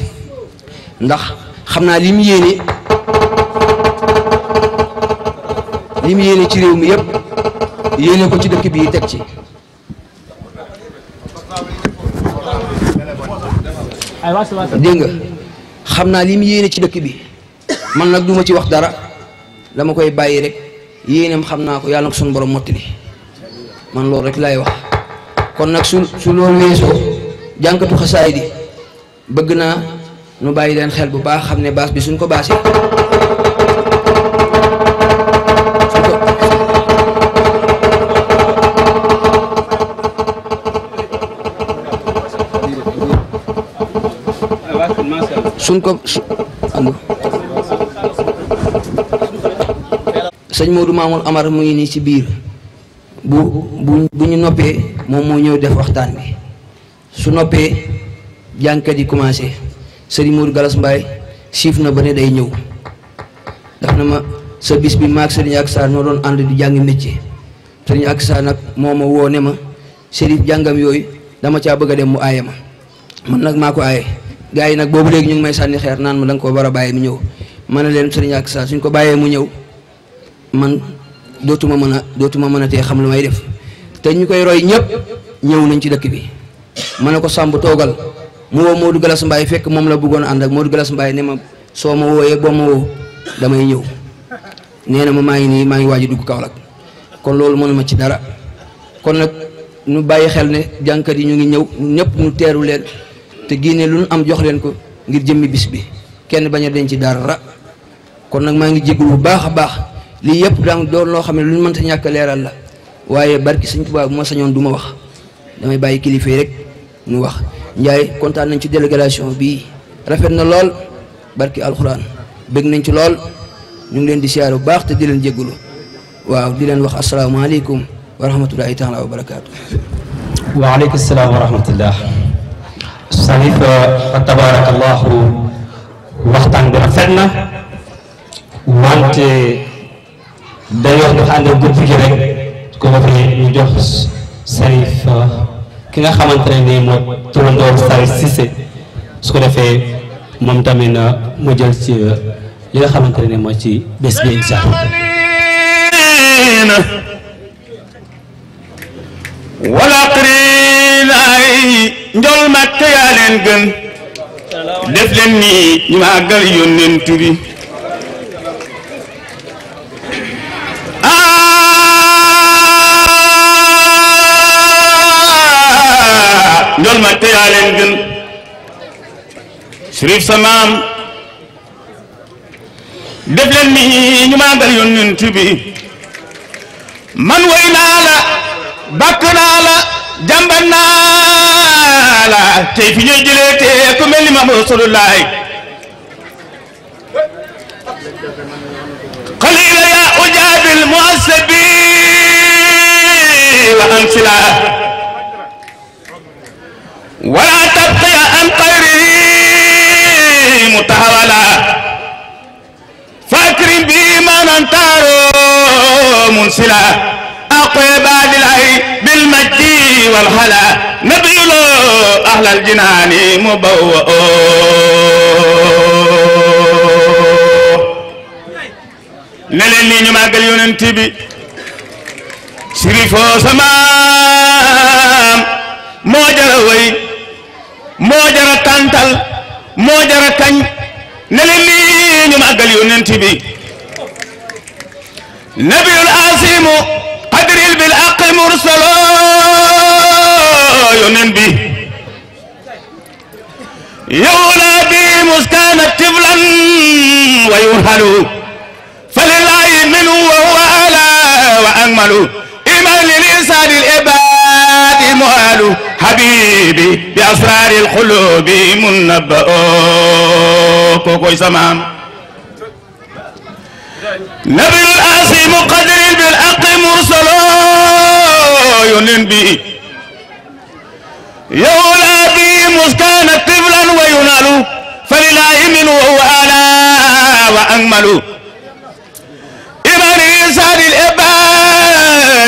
ndax xam naa li mu yéene yéene ci réew mi yëpp ko ci dëkk bi teg ci dégg nga xam naa li mu yéene ci dëkk bi man nag duma ci wax dara dama koy bàyyi rek yéeneem xam naa ko yàlla na ko suñu borom mottali man loolu rek laay wax kon nag su su loolu weesoo jànkatu xasaay di bëgg naa nu bàyyi leen xel bu baax xam ne baas bi suñ ko baasee suñ ko allo sëñ Amar mu nii ci biir bu bu bu ñu noppee moom moo ñëw def waxtaan bi su noppee jàngkat yi commencé sëriñ Mourou Galas Mbaye siif na ba ne day ñëw daf na ma sa bis bi maag sëriñ ak Saar noo doon ànd di jàngi métier sëriñ ak Saar nag moo ma woo ne ma sëriñ jàngam yooyu dama caa bëgg dem mu aaye ma man nag maa ko aaye gaay yi nag boobu léegi ñu ngi may sànni xeer naan ma da nga ko war a bàyyi mu ñëw ma ne leen sëriñ ak Saar suñ ko bàyyee mu ñëw man. dootuma mën a dootuma mën a tee xam lu may def te ñu koy roy ñëpp ñëw nañ ci dëkk bi ma ne ko sàmb toogal mu woo Modou Galas Mbaye fekk moom la bëggoon ànd ak Modou Galas Mbaye ne ma soo ma wooyee boo ma woo damay ñëw nee na ma maa ngi nii maa ngi waaj a dugg Kaolack kon loolu mënuma ci dara kon nag ñu bàyyi xel ne jànkat yi ñu ngi ñëw ñëpp ñu teeru leen te génne lu am jox leen ko ngir jëmmi bis bi kenn bañ a denc dara kon nag maa ngi jégalu bu baax a baax lii yëpp daan doon loo xam ne lu ñu mënta ñàkk leeral la waaye barki sëñ Tuubaa bu ma sañoon du ma wax damay bàyyi kilifa yi rek ñu wax Ndiaye kontaan nañ ci délégation bi rafet na lool barki alxuraan bëgg nañ ci lool ñu ngi leen di siyaar bu baax te di leen jégalu waaw di leen wax asalaamaaleykum wa rahmatulahi taala wa barakaatu. waaleykum salaam wa rahmatullah. Salif fa tabaarakallahu waxtaan bi rafet wante. dañuy wax ñu ànd ak groupe rek nga xamante su ko defee moom tamit mu jël ci euh, li nga xamante ne moo ci bés bi incha Allah njol makk yaa leen gën def leen nii ñu màggal yónnent bi ñëpp yaa leen gën sirif sa maam def leen ni ñu màggal yonent bi man woy naa la bàkk naa la jàmbat naa la tey fi ñuy jëlee te ku mel ni maam rasulullaay xalila yaa ujaabil muhasabi wa am sila wala tabqiya an xayrihi mutahawala fakrim bi man antaro munsila aqeba lilahi bilmajdi walhala nabiyulo ahlal jinaani mubawwa'o ne leen nii ñu màggal yonent bi sirifoo samaam moo jara way moo jara moo jara kañ ne leen nii ñu màggal yonent asimu qadril bil aqi mursalo oh, yonent bi muskaana tiflan wa yurhalu falillahi minu wa huwa ala wa akmalu iman lil insaani al ibaadi muhalu habibi bi asraaril xulubi munabba'u kookoy samaam nabiyul asimu qadirin bil aqi mursalo yonen bi yowla bi muskaana tiflan wa yunalu falilahi min wa huwa ala wa akmalu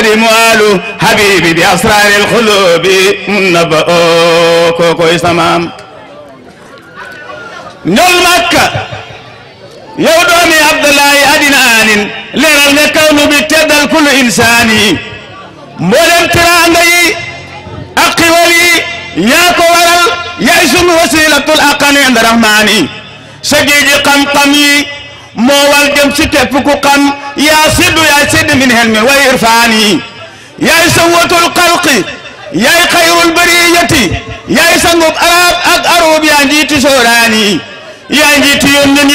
karim walu habibi bi asraril xulubi mun na ba oo kookoy samaam ñol makka yow doomi abdullahi adina anin leeral nga kawnu bi teddal kullu insaani mboolem tiraanga yi ak xiwal yi yaa ko waral yaay sunu wasilatul aqani inda rahmaani sa géeji xam-xam yi moo wal dem ci képp ku xam yaa siddu yaay siddu min helmi wa irfaani yaay sawatul xalqi yaay xayrul bariyati yaay sangub arab ak arub yaa njiiti sooraani yaa njiiti yónneen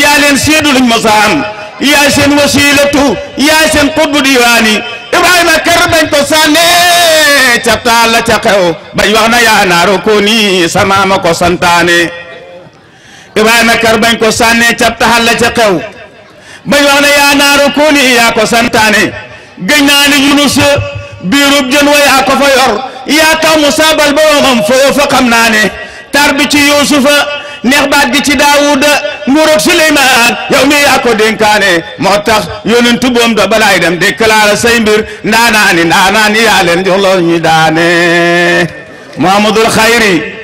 yaa leen séedu luñ ma yaay seen wasilatu yaay seen xudbu diwaani ibrahima kër bañ ca taal ca xew bañ wax na yaa naaru ko nii sama ma Ibrahima kar bañ ko sànnee cab taxal la ca yaa naaru kuuni yaa ko santaane gëñ naa ni Yunus biirub wa yaa ko fa yaa kaw saabal ba waxam fa yoo fa xam naa ne bi ci baat gi ci Daawuda nguurug Suleymaan yow mi yaa ko dénkaane moo tax yonent boom da balaay dem déclaré say mbir ndaanaani ndaanaani yaa leen jox loolu Xayri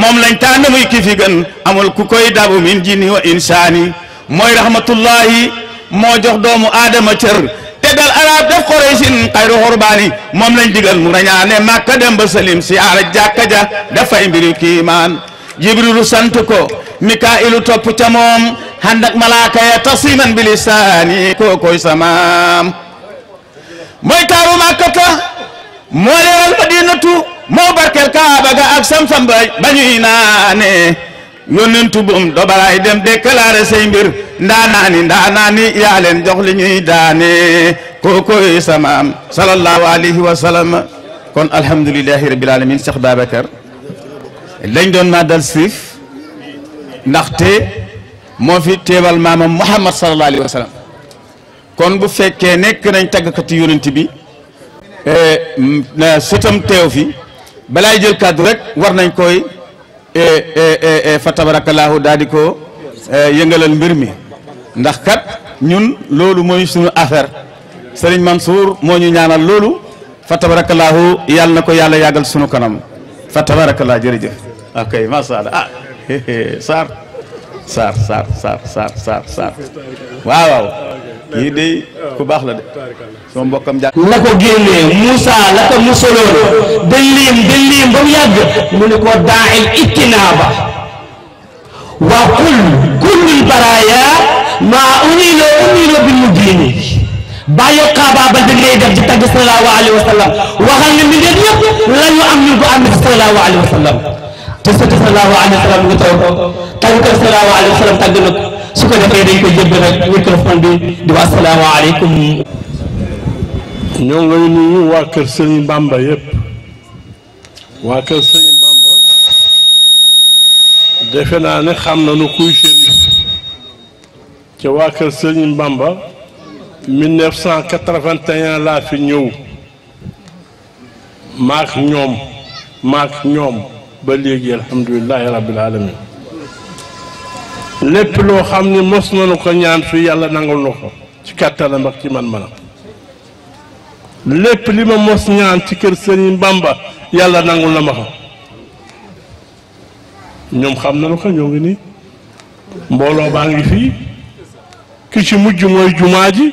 moom lañ tànn muy ki fi gën amul ku koy dabu min jinni wa insaani mooy rahmatullahi moo jox doomu aadama cër tegal arab def xoreysin xayru xurbaani moom lañ digal mu rañaane màkka dem ba salim siyaara jàkka ja dafay mbiru kiimaan jibrilu sant ko mikaa'ilu topp ca moom ànd ak malaaka ya tasiman bi lisaani koo koy samaam mooy taaru màkkata moo leeral madinatu moo barkel kaaba ga ak sam-sam ba ba ñuy naane yónnentu bum dobaraay dem déclaré say mbir ndaanaani ndaanaani yaa leen jox la ñuy daane kookoy samaam sallallahu alayhi wa kon alhamdulilahi rabil alamin Cheikh Babacar lañ doon naa dal siif ndaxte moo fi teebal maamam Muhammad sallallahu alayhi wa kon bu fekkee nekk nañ tàggkati yónnent bi eh, sëtam teew fi balaay jël kàddu rek war nañ koy e, e, e, fa tabarakallahu daal di ko yëngalal mbir mi ndax kat ñun loolu mooy suñu affaire Serigne Mansour moo ñu ñaanal loolu fa tabarakallahu yàlla na ko yàlla yàggal suñu kanam fa tabarakallahu jërëjëf ok macha allah ah Sarr Sarr Sarr Sarr waaw kii de ku baax la de sama mbokkam jàng la ko génnee Moussa la ko musaloon ittinaaba wa kul kullul baraaya maa unilo unilo bi mu diini bàyyi xaabaabal bi ngay def ci tagg sallallahu alayhi mi ngeen ñëpp la am ñu ko am ci sallallahu alayhi wa sallam te sëti sallallahu alayhi wa sallam ngi taw tagg ko sallallahu alayhi wa sallam tagg su ko defee dañ koy jébbal ak microphone bi di wa asalaamaaleykum. ñoo ngi lay nuyu waa kër Serigne Bamba yëpp waa kër Serigne Bamba defe naa ne xam na nu kuy Chérif ca waa kër Serigne Bamba 1981 laa fi ñëw maak ñoom maak ñoom ba léegi alhamdulilahi rabbil alamin lépp loo xam ne mos nañu ko ñaan fii yàlla nangul na ko ci kàttanam ak ci man-manam lépp li ma mos ñaan ci kër Sëriñ Bamba yàlla nangul na ma ko ñoom xam nañu ko ñoo ngi nii mbooloo baa ngi fii ki ci mujj mooy jumaa ji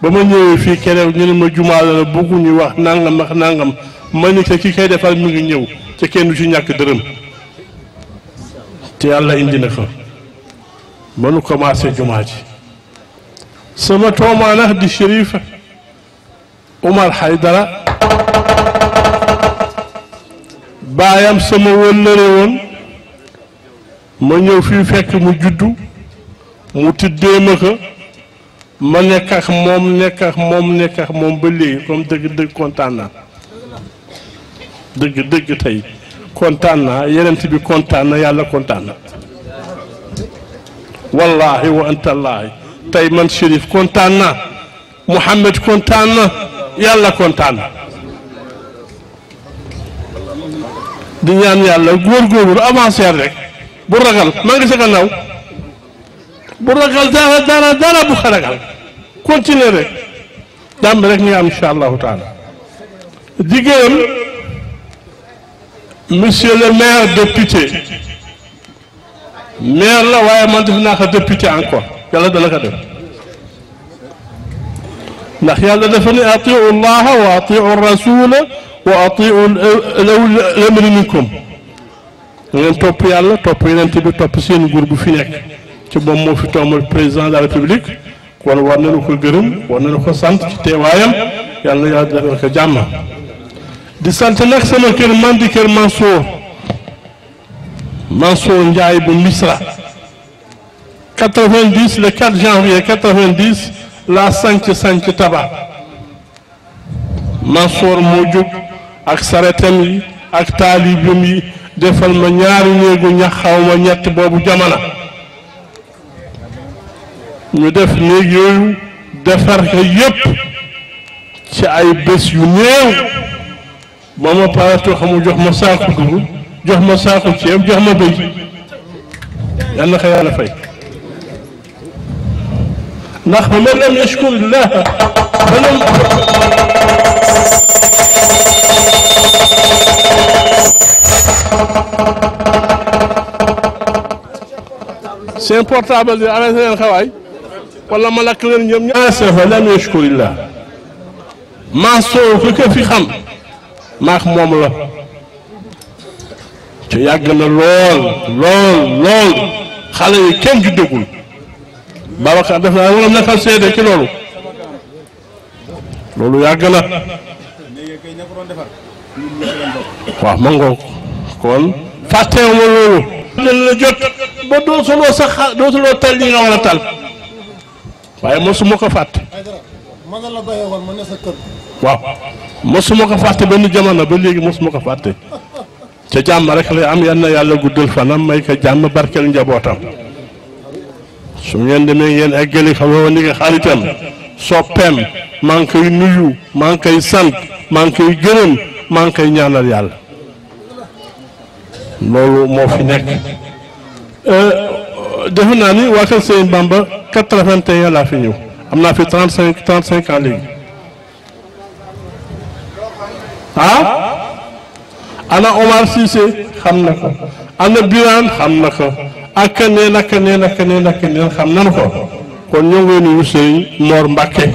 ba ma ñëwee fii kerew ñu ma jumaa la bëggu ñuy wax nangam ak nangam ma ni ki kay defal mu ngi ñëw ci kenn du ci ñàkk dërëm te yàlla indi na ko ba nu commencé jumaa ji sama toomaanax di Chérif Umar Haydara baayam sama wëllëre woon ma ñëw fii fekk mu juddu mu tuddee ma ma nekk ak moom nekk ak moom nekk ak moom ba léegi comme dëgg dëgg kontaan naa dëgg dëgg tey kontaan naa yeneen bi kontaan na yàlla kontaan wallaahi wa antallaahi tey man Chérif kontaan na Mouhamed kontaan na yàlla kontaan na di ñaan yàlla góorgóorlu avancer rek bu ragal maa ngi sa gannaaw bu ragal dara dara dara bu ko ragal continuer rek jàmm rek ñu am incha allahu taala di monsieur le maire de maire la waaye man def naa ko député encore yàlla dana ko def ndax yàlla dafa ne atiu llaha wa atiu rasula wa atiu lamri minkum da ngeen topp yàlla topp yenente bi topp seen nguur bu fi nekk ci moom moo fi toomal président de la république kon war nañu ko gërëm war nañu ko sant ci teewaayam yàlla yàlla defal ko jàmm di sant nag sama kër man di kër Mansour Mansour njaay bu Misra 90 le 4 janvier 90 la sanc sanc Taba Mansour moo jóg ak saretam yi ak taalibum yi defal ma ñaari néegu ñax xaw ma ñett boobu jamono ñu def néeg yooyu defar ko yépp ci ay bés yu néew ba ma paratu xamu jox ma saaku dugub jox ma saako ceeb jox ma bëy yal na ko yàlla fay ndax ba man lam yashkurillah ba lam seen portable bi arrêté leen xawaay wala ma lakk leen ñoom ñaar sefa lam yashkurillah maa soow ko fi xam maax moom la te yàgg na lool lool lool xale yi kenn juddagul Babacar def naa wala naka seede ci loolu loolu yàgg na waaw ma ngoog kon fàttewuma loolu ne la jot ba doosuloo sax doosuloo tal li nga war a tal waaye mosuma ko fàtte waaw mosuma ko fàtte benn jamono ba léegi mosuma ko fàtte ca jàmm rek lay am yàlla guddal fanam may ko jàmm barkeel njabootam su ngeen demee ngeen eggali xam nga ni nga xaritam soppeem maa koy nuyu maa koy sant maa ngi koy gërëm maa ngi koy ñaanal yàlla loolu moo fi nekk euh, defe naa ni waa kër Sëñ Bamba quatre-vingt-un laa fi ñëw am naa fi trente-cinq trente-cinq ans léegi ah ana Omar Cissé xam na ko ana Birane xam na ko ak keneen ak keneen ak keneen xam nanu ko kon ñoo ngi nuyu sëñ Mor Mbacke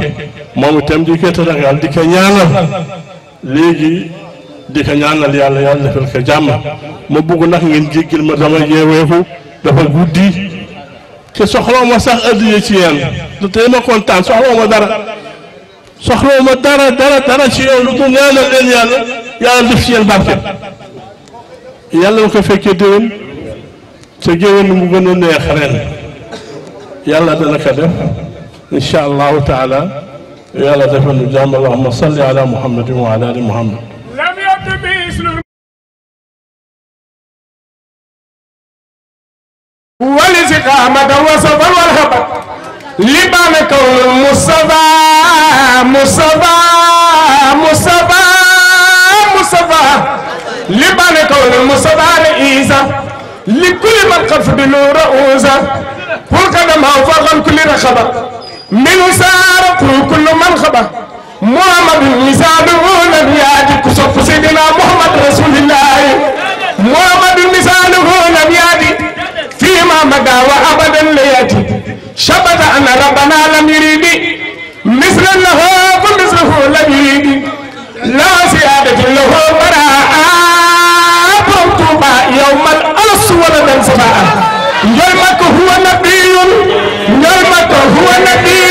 moom itam di ko tëragal di ko ñaanal léegi di ko ñaanal yàlla yàlla defal ko jàmm ma bugg ndax ngeen jéggil ma dama yeeweeku dafa guddi te soxla ma sax addiya ci yéen te tey ma kontaan soxla ma dara soxla ma dara dara dara ci yow lu mu ñaanal leen yàlla. yàlla def ci yéen barke yàlla na ko fekkee déwén te géwén mu gën a neex ren yàlla dana ko def incha allahu taala yàlla defal nu jàmm allahuma salli ala muhammadin wa ala ali muhammad والاستقامة والصبر والهبة لبان كون مصطفى مصطفى مصطفى لبان كون المصدر إيزا لكل من قد بنور أوزا فقد ما فغل كل رخبة من سار كل من خبة محمد مزاد نبياتي كسف سيدنا محمد رسول الله محمد مزاد نبياتي فيما مدى وأبدا لياتي شبت أن ربنا لم يريد مثل له فمثله لم يريد لا زيادة له بل يوما ألست ولدا سباعا نجرمك هو نبي نجرمك هو نبي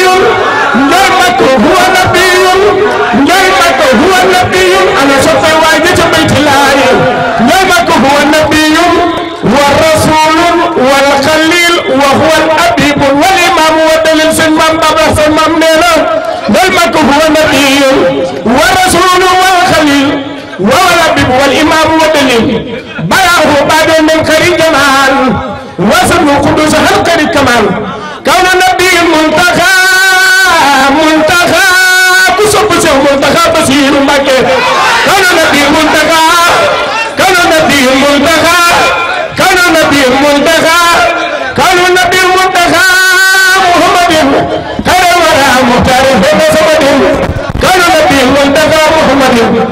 نجرمك هو نبي نجرمك هو نبي أنا شفت واجد بيت الله نجرمك هو نبي والرسول والخليل وهو الأبيب والإمام والدليل سمام بابا سمام نينا نجرمك هو نبي والرسول والخليل وهو الأبيب والإمام والدليل الله بعد منكر الجمال وصف قدس حلق الكمال كون النبي منتخى منتخى كسب بسيو منتخى بسير مكة كون النبي منتخى كون النبي منتخى كون النبي منتخى كون النبي منتخى محمد خير ورا مختار بن سمد كون النبي منتخى محمد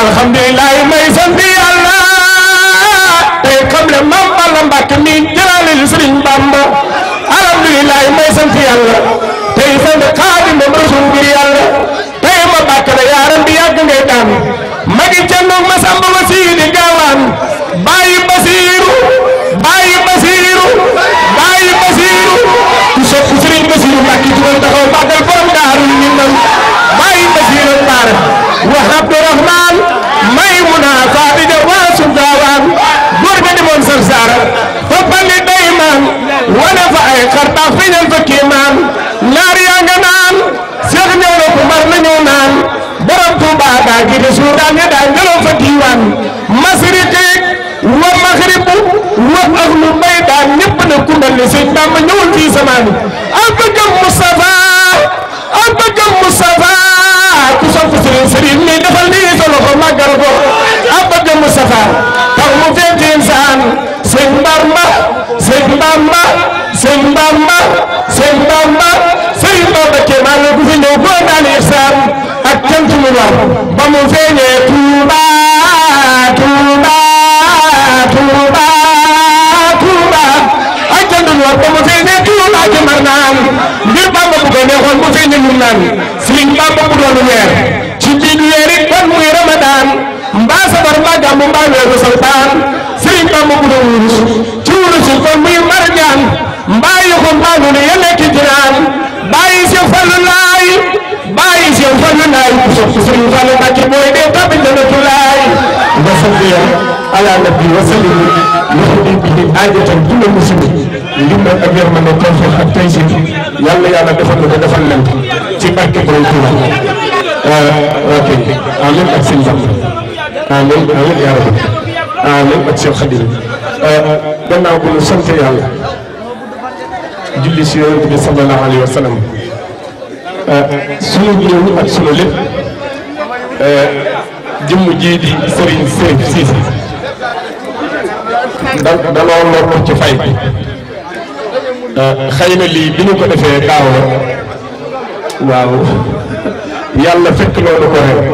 alhamdulilah may sant yàlla baax feeñal fa kéemaan naar yaa nga naan seex ñëw na ku mar na ñëw naan borom Tuuba daa gide suudaan ya daa ngelaw wa maxribu wa ahlu bay daa na ku mel ni sëñ Bamba ñëwul fii samaani ba mu feeñee Touba Touba Touba Touba ay jënduñu woon mu feeñee Touba jëmar naan ngir Bamba bu ko neexoon mu feeñee ñun naan Sëriñ Bamba bu doon weer muy Ramadan mbaa sabar mbaa gàmmu mbaa weeru sultaan Sëriñ Bamba bu doon wurus Serigne Fallou Mbacké mooy dee tamit dana tulaay nga salli yow ala nabi wa sallim loxo bi bi aajatan dina musiba ndimbal ak yërmande tawfiq ak taysir yàlla yàlla defal na ko defal leen ci barke Borom Tuuba euh, ok amin ak seen sant amin amin yaa ak si euh, yonent bi sallallahu euh, sunu lépp Euh, jëmm jii di Serigne Serigne Cissé da danoo nekk ci fay euh, xëy na lii bi ñu ko defee daaw la waaw yàlla fekk loolu ko rek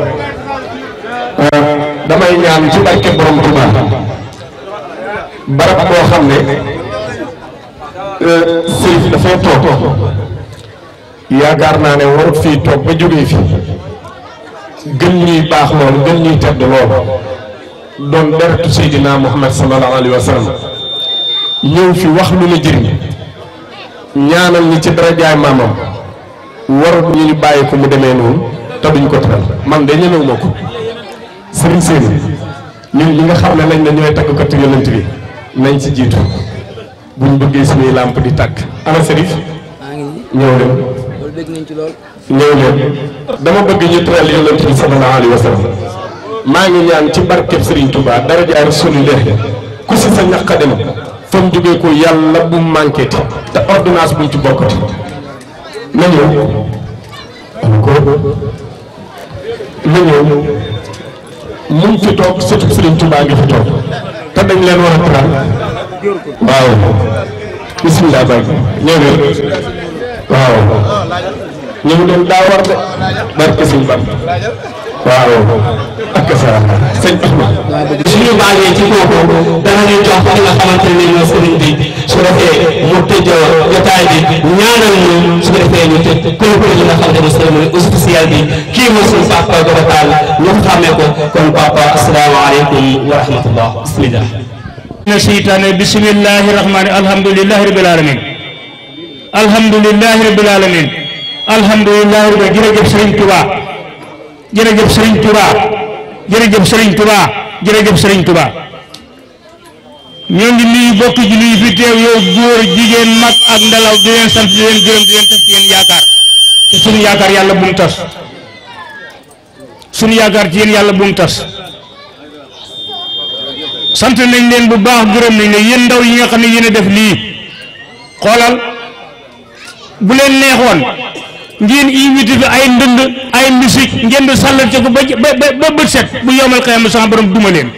euh, damay ñaan ci barke borom Tuuba barab boo xam ne Serif dafay toog yaakaar naa ne warut fii toog ba jógee fi gën ñuy baax loolu gën ñuy tedd loolu doon deretu Seydina Muhammad sallallahu alayhi wa sallam ñëw fi wax lu la jëriñ ñaanal ñi ci darajaay maamam waroon ñu bàyyi ko mu demee noonu te duñ ko teral man de ñemewu ko sëriñ sëriñ ñu ñi nga xam ne nañ ne ñooy taggkatu yonent bi nañ ci jiitu buñ bëggee suñuy làmp di tàkk ana sëriñ ñëw dem ñëw leen dama bëgg ñu teral yonent bi sallallahu alayhi wa sallam maa ngi ñaan ci barkeb Serigne Touba daraja Rasulullah ku si sa ñaq dem fa mu ko yàlla bu manqué te ordonnance buñ ci bokkati na ñëw ko mu fi toog surtout Serigne Touba ngi fi dañ leen war a teral waaw waaw ñu mu dem daa war de barke sëñ Bam waaw ak salaama sëñ Ahmad suñu bàggee ci kooku danañu jox ki nga xamante ne mooy sëriñ bi su defee mu tëj jotaay bi ñaanal ñu su defee ñu tëj concours yi nga xam ne mooy cérémonie officielle bi kii mooy suñu papa Gora Tall ñu xamee ko kon papa asalaamaaleykum wa rahmatullah bismillah من الشيطان بسم الله الرحمن الحمد لله رب العالمين الحمد لله رب العالمين alhamdulilah jërëjëf Serigne Touba jërëjëf Serigne Touba jërëjëf Serigne Touba jërëjëf Serigne Touba ñoo ngi nuyu bokk ji nuyu fi yow góor jigéen mag ak ndalaw di leen sant di leen gërëm di leen tas ci yéen yaakaar te suñu yaakaar yàlla mu tas suñu yaakaar ci yéen yàlla bu mu tas sant nañ leen bu baax gërëm nañ leen yéen ndaw yi nga xam ne yéen def lii xoolal bu leen neexoon ngeen invité ay ndënd ay musique ngeen di sàllal ci ko ba ba bët set bu yomal xayma sama borom duma leen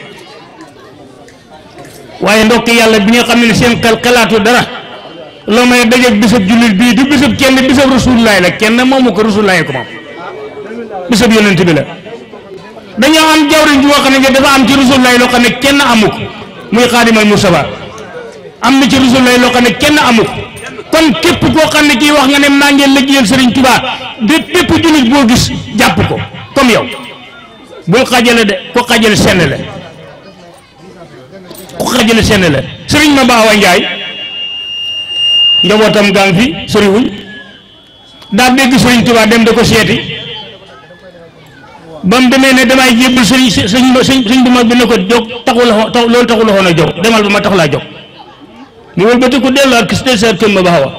waaye ndokk yàlla bi nga xam ne seen xel xalaatu dara loo may dajeeg bisab jullit bii du bisab kenn bisab rasulullaay la kenn moomu ko rasulullaay ko moom bisab yonent bi la dañoo am jawriñ ji woo xam ne dafa am ci rasulullaay loo xam ne kenn amu ko muy xaadimal mustafa am na ci rasulullaay loo xam ne kenn amu kon képp koo xam ne kii wax nga ne maa ngi liggéeyal Serigne Touba de bépp jullit boo gis jàpp ko comme yow bul xajale de ku xajale senn la ku xajale senn la sëriñ ma baawa njaay nga gaa ngi fi soriwuñ daa dégg Serigne Touba dem da ko seeti ba mu demee ne damay jébbal Serigne sëñ sëñ bu mag bi ne ko jóg taxu la loolu taxu la xoon a jóg demal ba ma taxu laa jóg. ñu wëlbatiku delluwaat ki si des ak ma ba xawa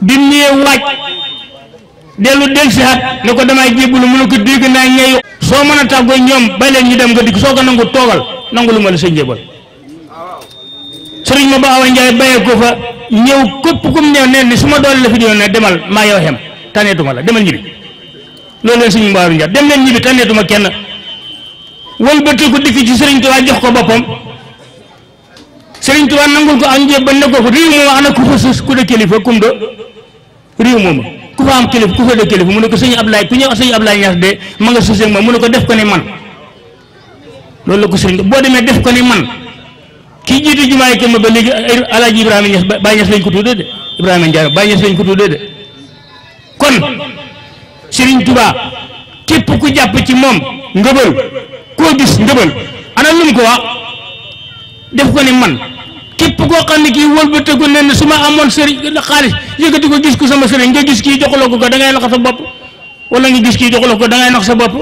bi mu ñëwee waaj dellu del si xat ne ko damay jébbalu mu ne ko dégg naa ñeyu soo man a tàggoo ñoom bay leen ñu dem nga dikk soo ko nangu toogal nangu lu ma la sa njébal sëriñ ma ba xawa Njaay bayee ko fa ñëw képp kum ñëw neen ni su ma la fi ñëw ne demal maa yow xem taneetuma la demal ñibbi loolu leen suñu mbaaru njaay dem leen ñibbi taneetuma kenn wëlbatiku dikk ci sëriñ jox ko boppam Sëriñ Tuubaa nangul ko ak njëbbal ne ko réew moom ana ku fa ku da kilifa kum do réew moom ku fa am kilifa ku fa da kilifa mu ne ko sëñ Ablaay ku ñëw sëñ Ablaay Ñas de ma nga susee ma mu ne ko ko ne loolu la ko sëriñ boo demee def ko ne man kii jiitu jumaa yi ma ba léegi Alaaji Ibrahima Ñas Baay Ñas lañ ko tuddee de Ibrahima Ndiaye Baay ko tuddee de kon Sëriñ Tuubaa ku jàpp ci moom ngëbal koo gis ngëbal ana lu ko wax def ko ne man képp koo xam ne kii wëlbatiku ne ne su ma amoon sëriñ xaalis yëkkati ko gis ko sama sëriñ nga gis kii joxuloo ko ko da ngay nax sa bopp wala nga gis kii joxuloo ko da ngay nax sa bopp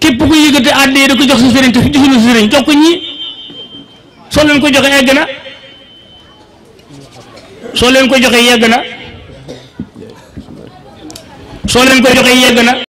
képp ku yëkkati àddee da ko jox sa sëriñ te gisuloo sa sëriñ jox ko ñii soo leen ko joxe egg na soo leen ko joxee yegg na soo leen ko joxe yegg na